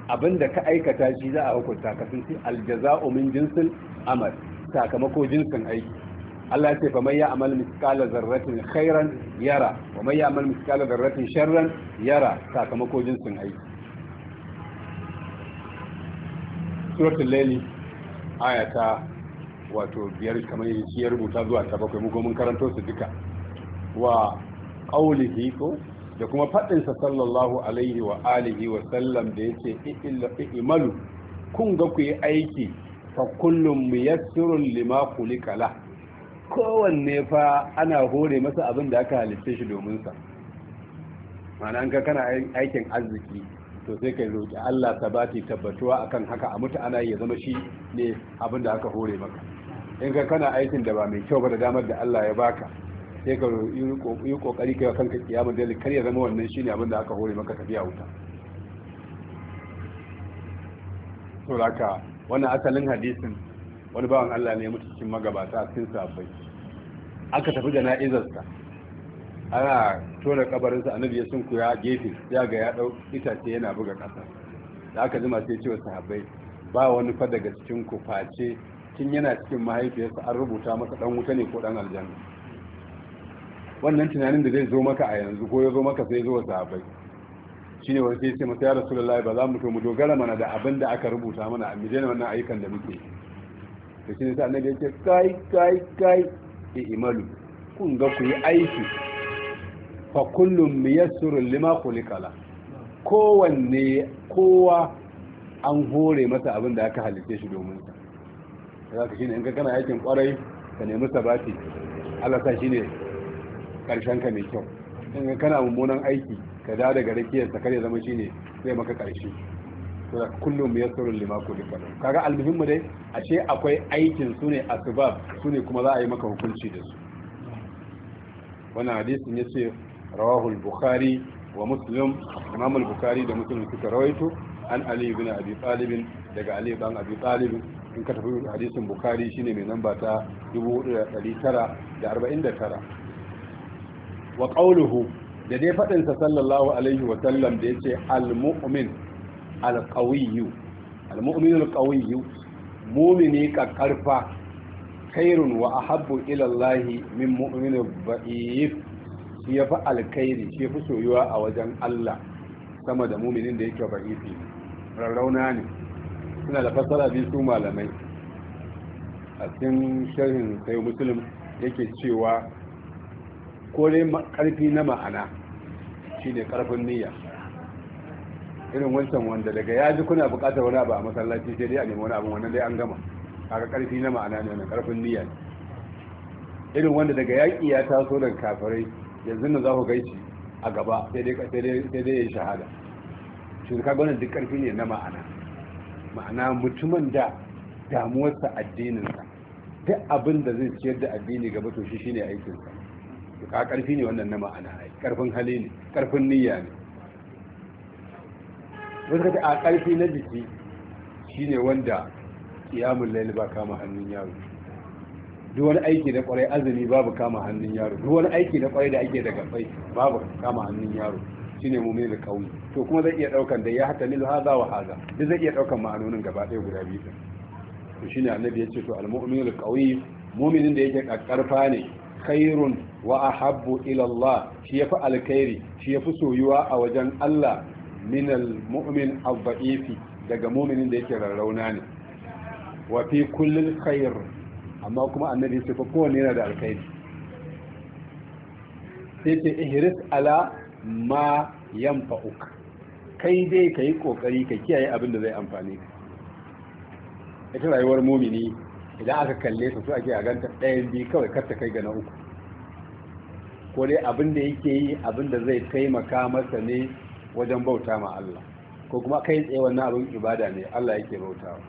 abinda ka aikata shi za a hukunta ka sun ce aljaza'u min jinsil amal sakamako jinsin aiki Allah ya ce fa man ya'mal miskala zarratin khairan yara wa man ya'mal miskala zarratin sharran yara sakamako jinsin aiki al-Layl ayata wato biyar kamar shi ya rubuta zuwa ta bakwai mu mun karanto su duka wa qaulihi ko da kuma fadin sa sallallahu alaihi wa alihi wa sallam da yace i'malu kun ga ku yi aiki fa kullum muyassirun lima kulika kowanne fa ana hore masa abin da aka halitta shi domin sa mana an ka kana aikin arziki to sai kai roƙi Allah sabati tabbatuwa akan haka a mutu ana ya zama shi ne abin da aka hore maka in ka kana aikin da ba mai kyau ba da damar da Allah ya baka sai ka yi kokari kai kanka kiyama dalil kar ya zama wannan shine abin da aka hore maka ka biya wuta to laka wannan asalin hadisin wani bawan Allah ne mutu cikin magabata a cikin sahabbai aka tafi da na'izarsa ana tona kabarinsa annabi ya sun ya gefe ya ga ya dau itace yana buga kasa da aka jima sai cewa sahabbai ba wani fa daga cikin ku face tun yana cikin mahaifiyarsa an rubuta masa dan wuta ne ko dan aljanna wannan tunanin da zai zo maka a yanzu ko ya zo maka sai zo wa sahabbai shine wani sai ce masa ya rasulullahi ba za mu to mu dogara mana da abin da aka rubuta mana a mijina wannan ayyukan da muke yi to shi ne sa annabi yake kai kai kai e imalu kun ga ku yi aiki fa kullum surun lima kulikala kowanne kowa an hore masa abin da aka halitta shi domin sa za ka shi ne in ka kana aikin kwarai ka nemi sabati Allah sa shi ne karshen ka mai kyau in ka kana mummunan aiki ka da daga rakiyar sa ya zama shi ne zai maka karshe suna kullum ya tsoron lima ko lifanin kaga almuhimmu dai a ce akwai aikin su ne asbab su ne kuma za a yi maka hukunci da su Wani hadisin ya ce rawahul bukhari wa muslim imamul bukhari da muslim suka rawaito an ali ibn abi talib daga ali ibn abi talib in ka tafi hadisin bukhari shine mai namba ta 4949 wa qawluhu da dai fadin sa sallallahu alaihi wa sallam da yace al-mu'min alƙawiyu al alƙawiyu mumini ƙarfa khairun wa ahabbu ila Allah min mu'minu ba'if ya fi alkhairi shi fi soyuwa a wajen Allah sama da muminin da yake ba'ifi rarrauna ne suna da fasara biyu su malamai a cikin sharhin sai muslim yake cewa kore dai karfi na ma'ana shine karfin niyya irin wancan wanda daga ya ji kuna buƙatar wani abu a masallaci sai dai a nemi wani abu wannan dai an gama kaga karfi na ma'ana ne wannan karfin niyya ne irin wanda daga yaƙi ya taso da kafirai yanzu na za ku gaishe a gaba sai dai ya yi shahada shi ka gwanin duk karfi ne na ma'ana ma'ana mutumin da damuwarsa addininsa duk abin da zai ciyar da addini gaba to shi shine aikinsa ka karfi ne wannan na ma'ana ai karfin hali ne karfin niyya ne wasu ka a ƙarfi na jiki shine wanda kiyamun laili ba kama hannun yaro duk wani aiki da kwarai azumi babu kama hannun yaro duk wani aiki da kwarai da ake da bai babu kama hannun yaro shine mumin da kauyi to kuma zai iya daukan da ya hata lil haza wa haza duk zai iya daukan ma'anonin gaba ɗaya guda biyu din to shine annabi yace to al mu'min al qawi mu'minin da yake karfa ne khairun wa ahabbu ila Allah shi yafi alkhairi shi yafi soyuwa a wajen Allah minal mu'min abba'ifi daga muminin da yake rarrauna ne wa fi kullil khair amma kuma annabi sai kowanne yana da alkhairi sai ce ihris ala ma yanfa'uk kai dai kai kokari ka kiyaye abin da zai amfane ka ita rayuwar mumini idan aka kalle ta su ake a ganta ɗayan biyu kawai kar ta kai ga na uku ko dai abin da yake yi abin da zai taimaka masa ne wajen bauta ma Allah ko kuma kai tsaye wannan abin ibada ne Allah yake bautawa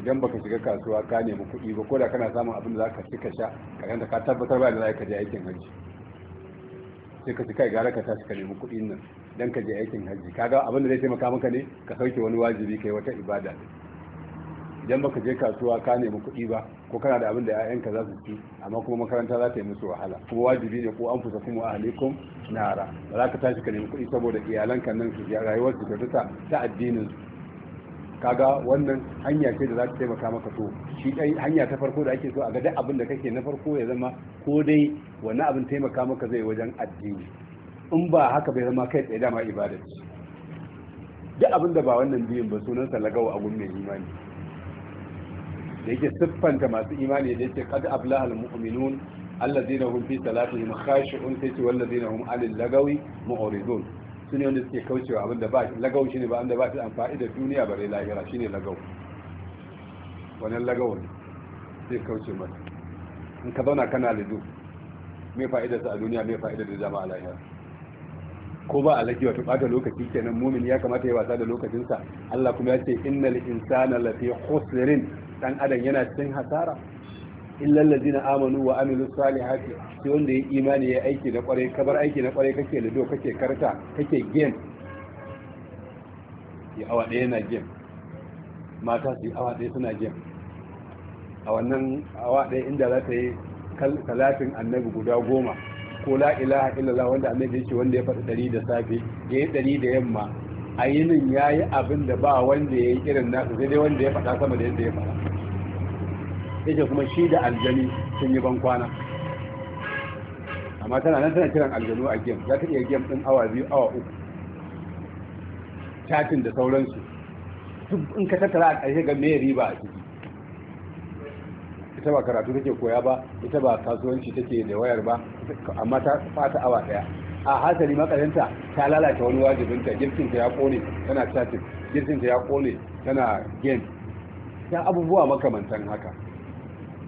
idan baka shiga kasuwa ka nemi kuɗi ba ko da kana samun abin da zaka ci ka sha ka kanta ka tabbatar ba da zaka je aikin hajji sai ka kai gara ka tashi ka nemi kuɗin nan dan ka je aikin hajji kaga abin da zai taimaka maka ne ka sauke wani wajibi kai wata ibada ne idan baka je kasuwa ka nemi kuɗi ba ko kana da abin da 'ya'yanka za su ci amma kuma makaranta za ta yi musu wahala kuma wajibi ne ko an fusa kuma alaikum nara ba za ka tashi ka nemi kuɗi saboda iyalanka nan su rayuwar su ta addinin su kaga wannan hanya ce da za ta taimaka maka to shi dai hanya ta farko da ake so a ga duk abin da kake na farko ya zama ko dai wani abin taimaka maka zai wajen addini in ba haka bai zama kai tsaye dama ma ce duk abin da ba wannan biyun ba sunan lagawa a gun mai imani da yake siffanta masu imani da yake kad aflahal mu'minun allazina hum fi salatihim khashi'un sai wallazina hum Alin, lagawi mu'ridun sune wanda suke kaucewa abinda ba lagaw shine ba anda ba shi an fa'ida duniya bare lahira shine lagaw wannan lagaw ne sai kauce mata in ka zauna kana lido me fa'idar sa a duniya me fa'idar da zama a lahira ko ba a laki wato bata lokaci kenan mumin ya kamata ya wasa da lokacinsa Allah kuma ya ce innal insana lafi khusrin dan adam yana cikin hasara illa allazina amanu wa amilu salihati sai wanda ya imani ya aiki na kwarai kabar aiki na kwarai kake lido kake karta kake game ya awa daya na game mata su awa daya suna game a wannan awa daya inda za ta yi talatin annabi guda goma ko la ilaha illallah wanda annabi yake wanda ya faɗi ɗari da safe ya yi ɗari da yamma a yinin ya yi abin da ba wanda ya yi irin nasu sai dai wanda ya faɗa sama da yadda ya faɗa yake kuma shi da aljani sun yi bankwana amma tana nan tana kiran aljanu a game za ta iya game ɗin awa biyu awa uku chatin da sauransu duk in ka tattara a ƙarshe ga me riba a ciki ita ba karatu take koya ba ita ba kasuwanci take da wayar ba amma ta fata awa daya a hasali makaranta ta lalata wani wajibinta girkinta ya kone tana chatin girkinta ya kone tana game ta abubuwa makamantan haka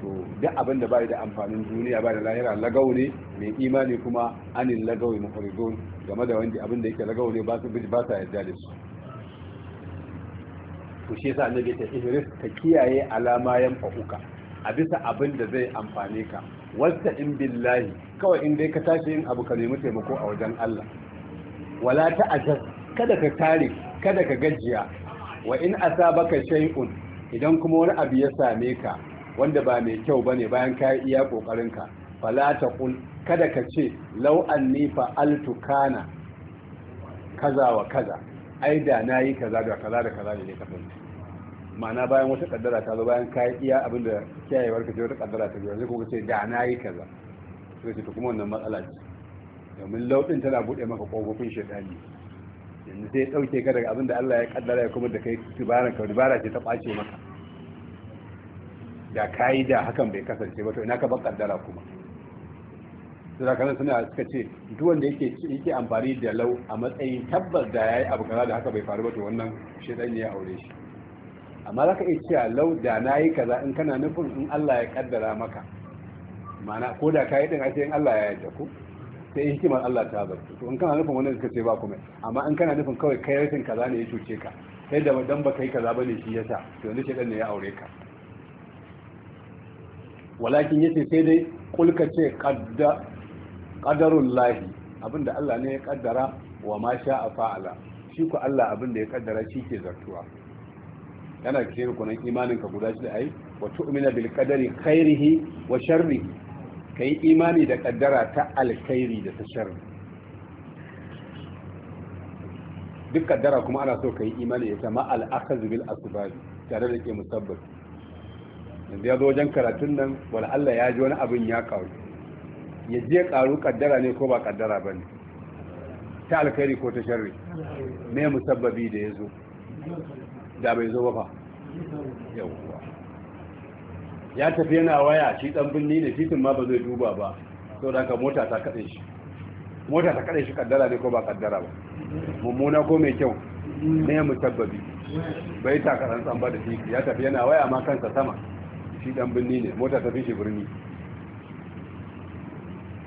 to duk abin da bai da amfanin duniya bai da lahira lagaune mai imani kuma anin lagau na horizon game da wanda abin da yake lagaune ba su bi ba sa yarda da su to shi yasa annabi ta ihris ka kiyaye alama yan fahuka a bisa abin da zai amfane ka wasta in billahi kawai in dai ka tashi yin abu ka nemi taimako a wajen Allah wala ta'ajaz kada ka tare kada ka gajiya wa in asabaka shay'un idan kuma wani abu ya same ka wanda ba mai kyau bane bayan ka iya kokarinka fala taqul kada ka ce law anni fa'altu kana kaza wa kaza ai da nayi kaza da kaza da kaza ne ka fahimci ma'ana bayan wata kaddara ta zo bayan ka iya abin da kiyayewar ka ce wata kaddara ta zo, sai kuma ce da nayi kaza sai ce to kuma wannan matsala ce domin lauɗin tana buɗe maka ƙofofin shaitani yanzu sai ɗauke ka daga abin da Allah ya kaddara ya kuma da kai dubara ka dubara ce ta ƙwace maka da kayi da hakan bai kasance ba to ina ka ba kaddara kuma sai kanan suna suka ce duk wanda yake yake amfani da lau a matsayin tabbas da yayi abu kaza da haka bai faru ba to wannan shedan ya aure shi amma zaka iya cewa lau da nayi kaza in kana nufin in Allah ya kaddara maka ma'ana ko da kayi din ake in Allah ya yarda ko sai hikimar Allah ta zarta to in kana nufin wannan suka ce ba kuma amma in kana nufin kawai kai rashin kaza ne ya cuce ka sai da dan ba kai kaza bane shi yasa to yanzu shedan ne ya aure ka walakin yace sai dai kulka ce qadarul lahi abinda Allah ne ya kaddara wa ma sha'a fa'ala shi ku Allah abinda ya kaddara shi ke zartuwa yana kishe ku nan imanin ka guda shi da ai wa tu'mina bil qadari khairihi wa sharrihi kai imani da kaddara ta alkhairi da ta sharri duk kaddara kuma ana so kai imani da ta ma al akhadh bil asbab tare da ke musabbat yanzu ya zo wajen karatun nan wani Allah ya ji wani abin ya karu ya je karu kaddara ne ko ba kaddara ba ne ta alkhairi ko ta sharri me musabbabi da ya zo da bai zo ba fa yawwa ya tafi yana waya shi dan binni ne titin ma ba zai duba ba da ka mota ta kaɗe shi mota ta kaɗe shi kaddara ne ko ba kaddara ba mummuna ko mai kyau ne musabbabi bai ta karantsan ba da titi. ya tafi yana waya ma kansa sama shi dan birni ne mota ta fi shi birni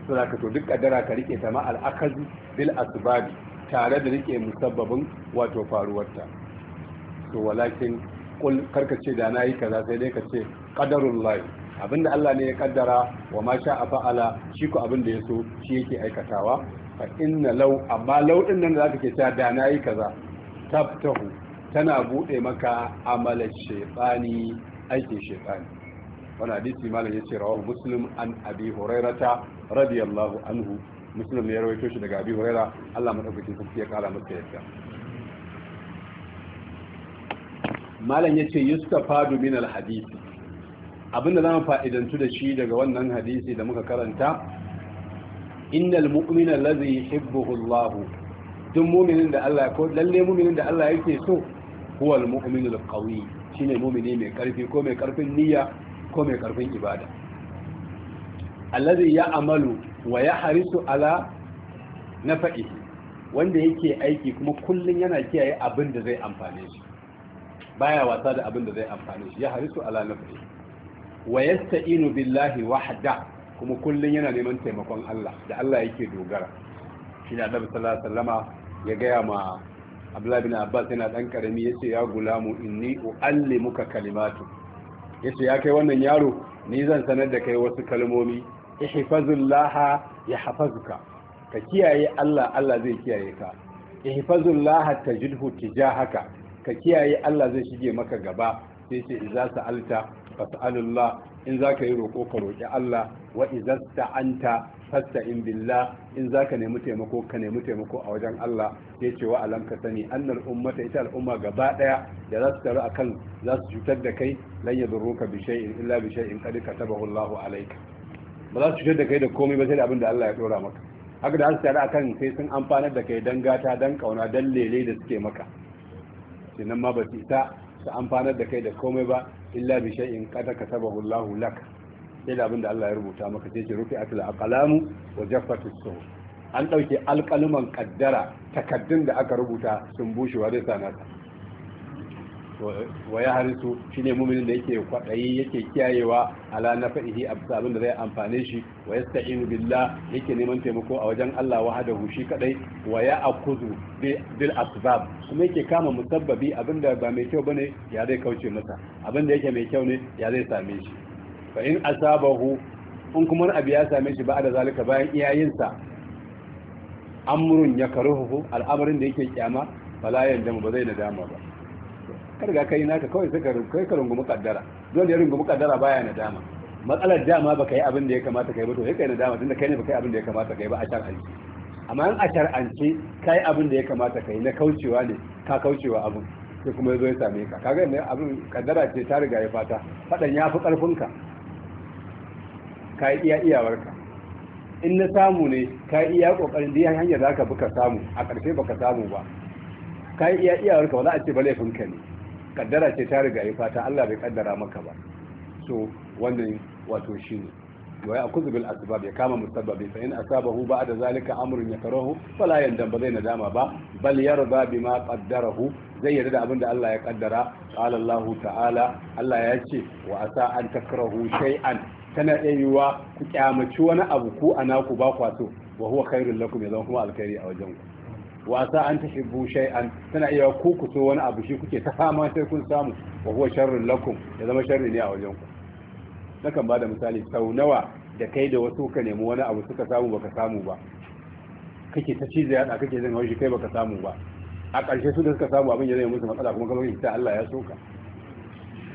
suna ka to duk kaddara ka rike ta ma al'akazu bil asbabi tare da rike musabbabin wato faruwarta to walakin kul karka ce da nayi kaza sai dai ka ce qadarullah abinda Allah ne ya kaddara wa ma a fa'ala shi ko abinda ya so shi yake aikatawa fa inna law amma law din nan zaka ke cewa da nayi kaza tabtahu tana bude maka amala shaytani aikin shaytani wani hadisi malam ya ce rawar muslim an abi hurairata radiyallahu anhu muslim ne ya rawaito shi daga abi huraira Allah madaukakin sarki ya kala masa yadda malam yace yustafadu min al hadisi abinda zama fa'idantu da shi daga wannan hadisi da muka karanta innal mu'mina allazi yuhibbuhu Allah duk mu'minin da Allah ko lalle mu'minin da Allah yake so huwa al mu'min al qawi shine mu'mini mai karfi ko mai karfin niyya ko mai karfin ibada allazi ya amalu wa ya harisu ala na faɗi wanda yake aiki kuma kullum yana kiyaye abin da zai amfane shi baya wasa da abin da zai amfane shi ya harisu ala na faɗi wa yasta'inu billahi wahda kuma kullum yana neman taimakon Allah da Allah yake dogara shi da Annabi sallallahu alaihi wasallama ya gaya ma Abdullah bin Abbas yana dan karami yace ya gulamu inni uallimuka kalimatu yace ya kai wannan yaro ni zan sanar da kai wasu kalmomi ya hafazuka ka kiyaye Allah Allah zai kiyaye ka ta tajidhu tijahaka ka kiyaye Allah zai shige maka gaba sai ce idza sa'alta fas'alullah in zaka yi roko ka roki Allah wa idza sta'anta in billa in zaka nemi taimako ka nemi taimako a wajen Allah ya ce wa alam ka sani annar ummata ita al'umma gaba daya da za su taru a kan za su cutar da kai lan ka bi in illa in kadi ka katabahu Allah alaika. ba za su cutar da kai da komai ba sai da abin da Allah ya dora maka haka da za su taru akan sai sun amfanar da kai dan gata dan kauna dan lele da suke maka sannan ma ba su isa su amfanar da kai da komai ba illa in shay'in ka katabahu Allah laka sai da abin da Allah ya rubuta maka sai ce rufi atul aqlamu wa jaffatu suhuf an dauke alƙaluman kaddara takaddun da aka rubuta sun bushe wa zai sana ta wa ya harisu shine mu'minin da yake kwadayi yake kiyayewa ala nafihi abin da zai amfane shi wa yasta'inu billah yake neman taimako a wajen Allah wahdahu shi kaɗai? Waya ya akuzu bil asbab kuma yake kama musabbabi abinda ba mai kyau bane ya zai kauce masa abin abinda yake mai kyau ne ya zai same shi fa in asabahu in kuma wani abu ya same shi ba da zalika bayan iyayensa amrun ya karuhu al'amarin da yake kyama fala yandamu ba zai dama ba karga kai naka kawai sai kai ka rungumi kaddara Don ya rungumi kaddara baya dama matsalar dama baka yi abin da ya kamata kai ba to sai kai na dama. tunda kai ne baka yi abin da ya kamata kai ba a shar'anci amma in a shar'anci kai abin da ya kamata kai na kaucewa ne ka kaucewa abin sai kuma ya zo ya same ka kaga ne abin kaddara ce ta riga ya fata fadan ya fi karfin ka ka yi iya iyawarka in na samu ne ka yi iya kokarin da hanyar da buka samu a ƙarshe baka samu ba ka yi iya iyawarka ba a ce ba laifin ka ne kaddara ce ta riga yi fata Allah bai kaddara maka ba so wannan wato shine wa ya'khudhu bil asbab ya kama musabbabi fa in asabahu ba'da zalika amrun yakrahu fala yandam ba zai nadama ba bal yarda bima qaddarahu zai yarda da abin da Allah ya kaddara qala Allah ta'ala Allah ya ce wa asa an takrahu shay'an tana iya yiwuwa ku kyamaci wani abu ku a naku ba kwa so wa huwa khairul lakum ya zama kuma alkhairi a wajen ku wa sa an tahibbu shay'an tana iya ku ku so wani abu shi kuke ta fama sai kun samu wa huwa sharrul lakum ya zama sharri ne a wajen ku nakan bada misali sau nawa da kai da wasu ka nemi wani abu suka samu baka samu ba kake ta cizo yada kake jin haushi kai baka samu ba a ƙarshe su da suka samu abin ya zai musu matsala kuma kamar ita Allah ya soka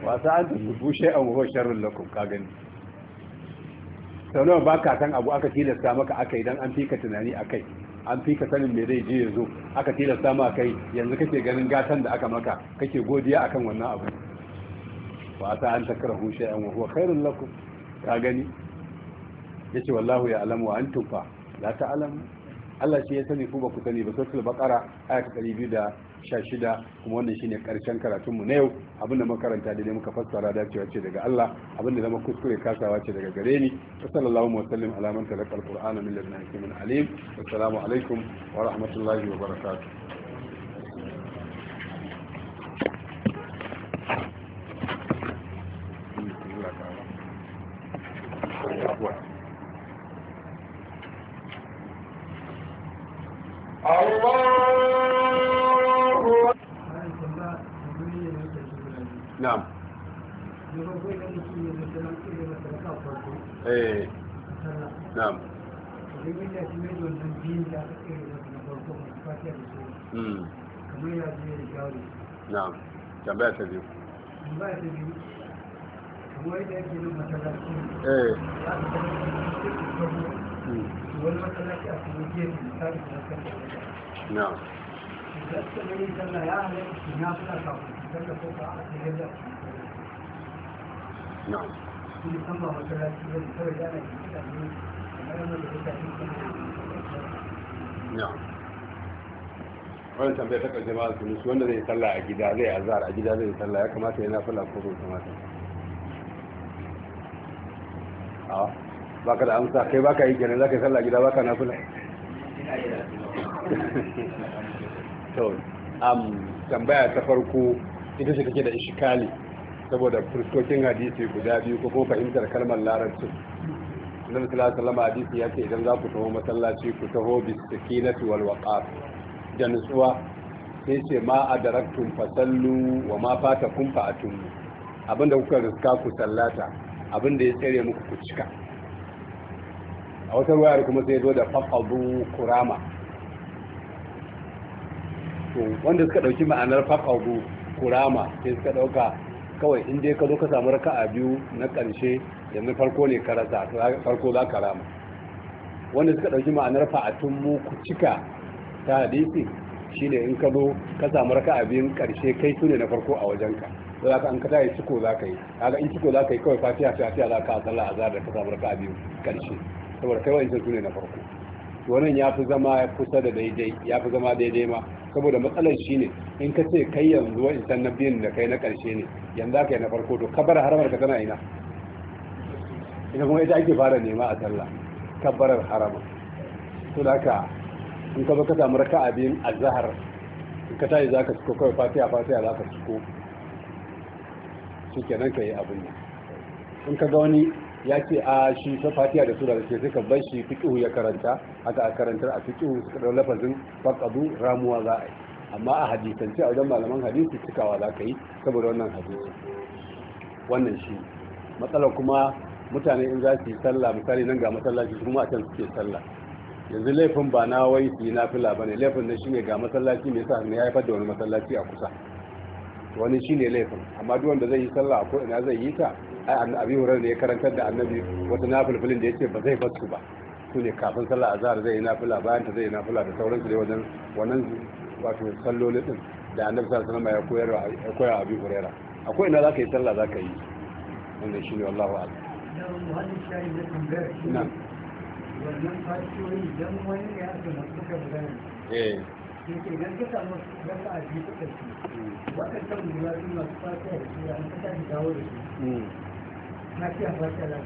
wasa an tahibbu shay'an wa huwa sharrul lakum ka gani sau nawa ba ka san abu aka tilasta maka aka idan an fika tunani a kai an fika sanin me zai je ya zo aka tilasta maka kai yanzu kake ganin gatan da aka maka kake godiya akan wannan abu ba ta an takrahu shay'an wa huwa khairun lakum ka gani yace wallahu ya alamu wa antum fa la ta'lamu Allah shi ya sani ku ba ku sani ba suratul baqara aya ta shida kuma wannan shine karshen karatunmu na yau abinda makaranta daidai muka fassara dacewa ce daga Allah abinda zama kuskure kasawa ce daga gare ni sallallahu wa sallam ala man talaqa alqur'ana min ladina hakimin alim assalamu alaikum wa rahmatullahi wa barakatuh Eh, hmm. eh na'am na'am tambaya ta biyu kamar yadda yake a wannan tambaya ta karshe ma'a sunus wanda zai sallah a gida zai azar a gida zai sallah ya kamata yana sallah ko bai kamata a baka da amsa kai baka yi kenan ka yi sallah gida baka na kula *laughs* to am tambaya ta farko ita ce kake da ishikali saboda fuskokin hadisi guda biyu ko kuma fahimtar kalmar larabci annabi sallallahu alaihi hadisi ya ce idan za ku taho masallaci ku taho bi sakinati wal waqaf da nutsuwa sai ce ma adaraktum fasallu wa ma fata a fa'atum abinda kuka riska ku sallata abinda ya tsere muku ku cika a wata wayar kuma sai zo da faqadu kurama to wanda suka dauki ma'anar faqadu kurama sai suka dauka kawai in dai ka zo ka samu a biyu na ƙarshe yanzu farko ne ka farko za ka rama wanda suka ɗauki ma'anar fa'atun mu ku cika ta hadisi shine in ka zo ka samu a biyun ƙarshe kai su ne na farko a wajenka za ka an ka yi ciko za ka yi haka in ciko za ka yi kawai fatiha fatiha za ka sallah zarar da ka samu a biyun ƙarshe saboda kai wa'ancan su ne na farko wannan ya fi zama kusa da daidai ya fi zama daidai ma saboda matsalar shi ne in ka ce kai yanzu wa insan na biyun da kai na ƙarshe ne yanzu aka yi na farko to kabar haramar ka tana ina ina kuma ita ake fara nema a sallah kabbarar harama to da ka in ka baka ka raka a biyun azahar in ka tayi zaka ciko kawai fatiha fatiha zaka ciko kenan ka yi abin nan in ka ga wani ya ce a shi ta fatiya da sura da ke suka bai shi fiƙihu ya karanta aka a karantar a fiƙihu suka ɗau lafazin faƙadu ramuwa za a yi amma a hadisance a wajen malaman hadisi cikawa za ka yi saboda wannan hadisi wannan shi matsalar kuma mutane in za su yi sallah misali nan ga masallaci kuma a can suke sallah yanzu laifin ba na wai su yi nafila ba ne laifin na shi ne ga masallaci mai sa ne ya haifar da wani masallaci a kusa wani shi ne laifin amma duk wanda zai yi sallah a ko ina zai yi ta abi hurar da ya karantar da annabi wata nafilfilin da ya ce ba zai basu ba su ne kafin sallah azhar zai yi nafila bayan ta zai yi nafila da sauransu ne wajen wannan wato salloli din da annabi sallallahu alaihi wasallam ya koyar wa koya abi hurera akwai ina zaka yi sallah zaka yi wannan shine wallahi a'lam na'am wannan fatiyoyi idan wani ya aka suka gudana eh yake idan ka samu rasa a biyu ta ci waɗannan guda biyu masu fatiya da su an dawo da shi. fatiya fatiya za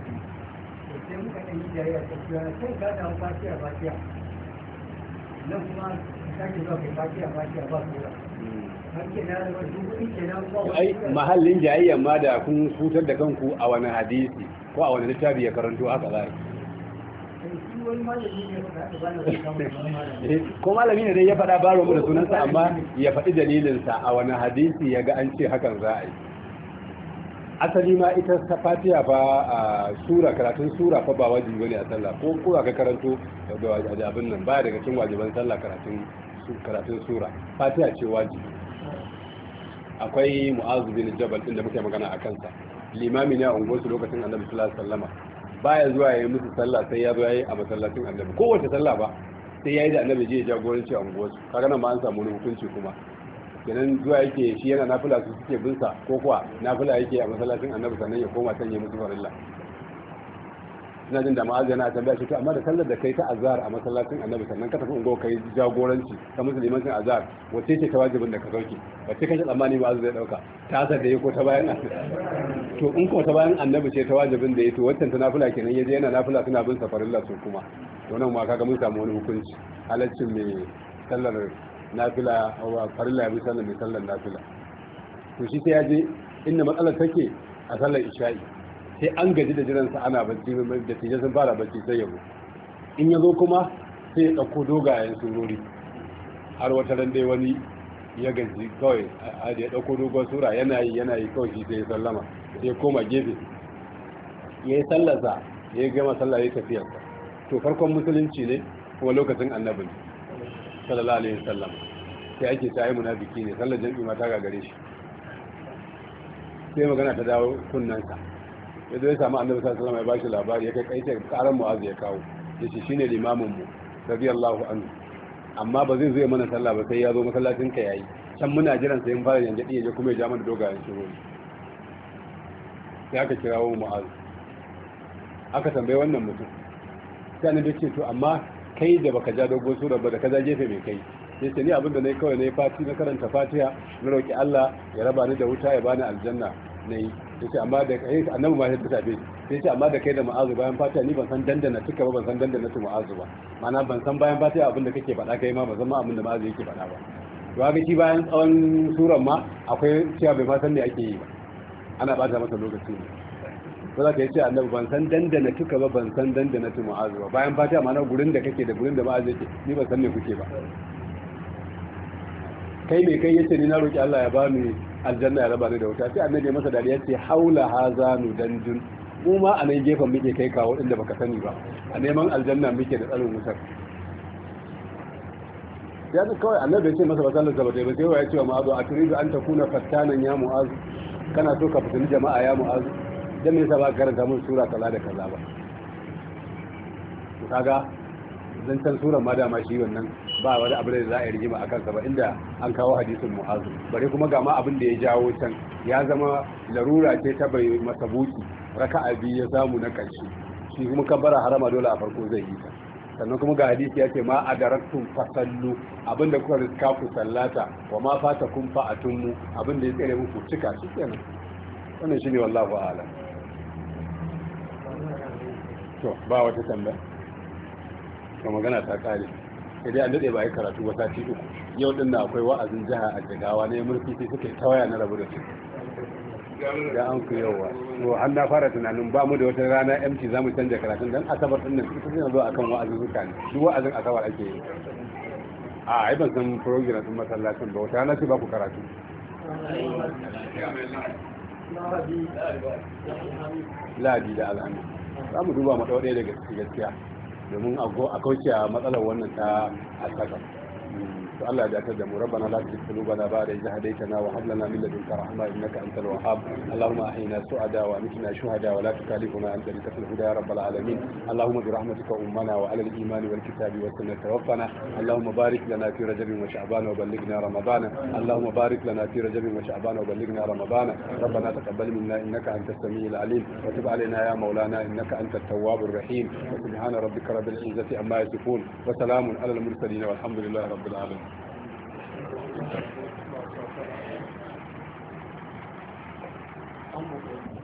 yi hmm. mahallin jayayyar ma da kun hutar da kanku a wani hadisi ko a wani littafi ya karanto haka za ko malami ne dai ya faɗa baro mu da sunansa amma ya faɗi dalilinsa a wani hadisi ya ga an ce hakan za a yi asali ma ita fatiha fa a sura karatun sura fa ba wajibi bane a sallah ko ko ka karanto da abin nan ba daga cikin wajiban sallah karatun karatun sura fatiha ce wajibi akwai mu'azu bin jabal din da muke magana a kansa limami ne a unguwarsu lokacin annabi sallallahu alaihi wasallama baya zuwa yayin musu sallah sai ya zo yayi a masallacin annabi kowace sallah ba sai yayi da annabi je ya jagoranci a unguwarsu kaga nan ma an samu hukunci kuma kenan zuwa yake shi yana nafila su suke bin sa ko kuwa nafila yake a masallacin annabi sannan ya koma sanya musu farilla ina jin da ma'azi yana tambaya shi to amma da sallar da kai ta azhar a masallacin annabi sannan ka tafi ungo kai jagoranci ka musulmancin azhar wace ce ta wajibin da ka sauke wace kake tsammani ba zai dauka ta asar da ya ko ta bayan to in ko ta bayan annabi ce ta wajibin da ya to wancan ta nafila kenan yaje yana nafila suna bin farilla su kuma to nan ma kaga mun samu wani hukunci halaccin mai sallar nafila a farilla bi sallar mai sallar nafila to shi sai ya je inda matsalar take a sallar isha'i sai an gaji da jiransa ana bacci da tije sun fara bacci sai yabo in ya zo kuma sai ya ɗauko dogayen surori har wata ran dai wani ya gaji kawai a da ya ɗauko dogon sura yana yi yana yi kawai shi sai ya sallama sai ya koma gefe ya yi sallarsa ya yi gama sallar ya tafiyarsa to farkon musulunci ne kuma lokacin annabi ne sallallahu alaihi wasallam sai ake ta yi munafiki ne sallar jami'i mata ga gare shi sai magana ta dawo kunnansa ya zo ya samu annabi sallallahu alaihi wasallam ya bashi labari ya kai kaita karan mu'azu ya kawo shi shine limamin mu radiyallahu anhu amma ba zai zo ya mana sallah ba sai ya zo masallacin ka yayi can muna jiran sai in fara yanjadi yaje kuma ya ja mana dogayen shiru sai aka kirawo mu'azu aka tambaye wannan mutum sai annabi ya ce to amma kai da baka ja dogon sura ba da ka ja gefe mai kai sai ni abinda na yi kawai na yi fati na karanta fatiha na roƙi Allah ya raba ni da wuta ya bani aljanna na yi sai amma da kai annabi ma sai ta tabe sai amma da kai da ma'azu bayan fatiha ni ban san dandana tuka ba ban san dandana tu ma'azu ba Mana ban san bayan fatiha abinda kake faɗa kai ma ba zama ma abinda ma'azu yake faɗa ba to ga shi bayan tsawon suran ma akwai cewa bai ma san me ake yi ba ana ta masa lokaci ne ba za ka yi ce annabi ban san dandana tuka ba ban san dandana tu mu'azu ba bayan fata ma na gurin da kake da gurin da ma'azu yake ni ban san me kuke ba kai me kai yace ni na roki Allah ya ba ni aljanna ya raba ni da wuta sai annabi masa ya ce haula nu danjun mu ma a nan gefen muke kai kawo inda baka sani ba a neman aljanna muke da tsarin wutar ya ce kawai annabi ya ce masa ba sallar zaba ba sai ya ce wa ma'azu a turidu an takuna fattanan ya mu'azu kana so ka fitini jama'a ya mu'azu dan nisa yasa ba karanta mun sura kaza da kaza ba kaga zancen sura ma dama shi wannan ba wani abu da za a yi rigima a kansa ba inda an kawo hadisin mu'azu bare kuma ga ma abin da ya jawo can ya zama larura ce ta bai masabuki raka biyu ya samu na ƙarshe shi kuma kabbara harama dole a farko zai yi ta sannan kuma ga hadisi ya ce ma a daraktun fasallu abin da kuka riska ku sallata wa ma fata kun fa'atun mu da ya tsere muku cika shi kenan wannan ne wallahu a'lam to ba wata tambaya to magana ta kare sai dai an dade ba yi karatu ba sati uku yau din na akwai wa'azin jiha a jigawa na mulki sai suke tawaya na rabu da su da an ku yawa to an na fara tunanin ba mu da wata rana za mu canja karatun dan asabar din nan ita zai zo akan wa'azin zuka ne duk wa'azin asabar ake yi a ai ban san program din masallacin ba wata rana ce ba ku karatu ladi da alhamdu za mu duba matsawar ɗaya daga gaskiya domin a kauce a matsalar wannan ta asaka الله يجعل ربنا لا تجد قلوبنا بعد إذا هديتنا وحبلنا لنا من لدنك رحمة إنك أنت الوهاب اللهم أحينا سعدا وأمتنا شهدا ولا تكالفنا أنت بك هدى الهدى يا رب العالمين اللهم برحمتك أمنا وعلى الإيمان والكتاب والسنة توفنا اللهم بارك لنا في رجب وشعبان وبلغنا رمضان اللهم بارك لنا في رجب وشعبان وبلغنا رمضان ربنا تقبل منا إنك أنت السميع العليم وتب علينا يا مولانا إنك أنت التواب الرحيم وسبحان ربك رب العزة عما يصفون وسلام على المرسلين والحمد لله رب العالمين Allah'a emanet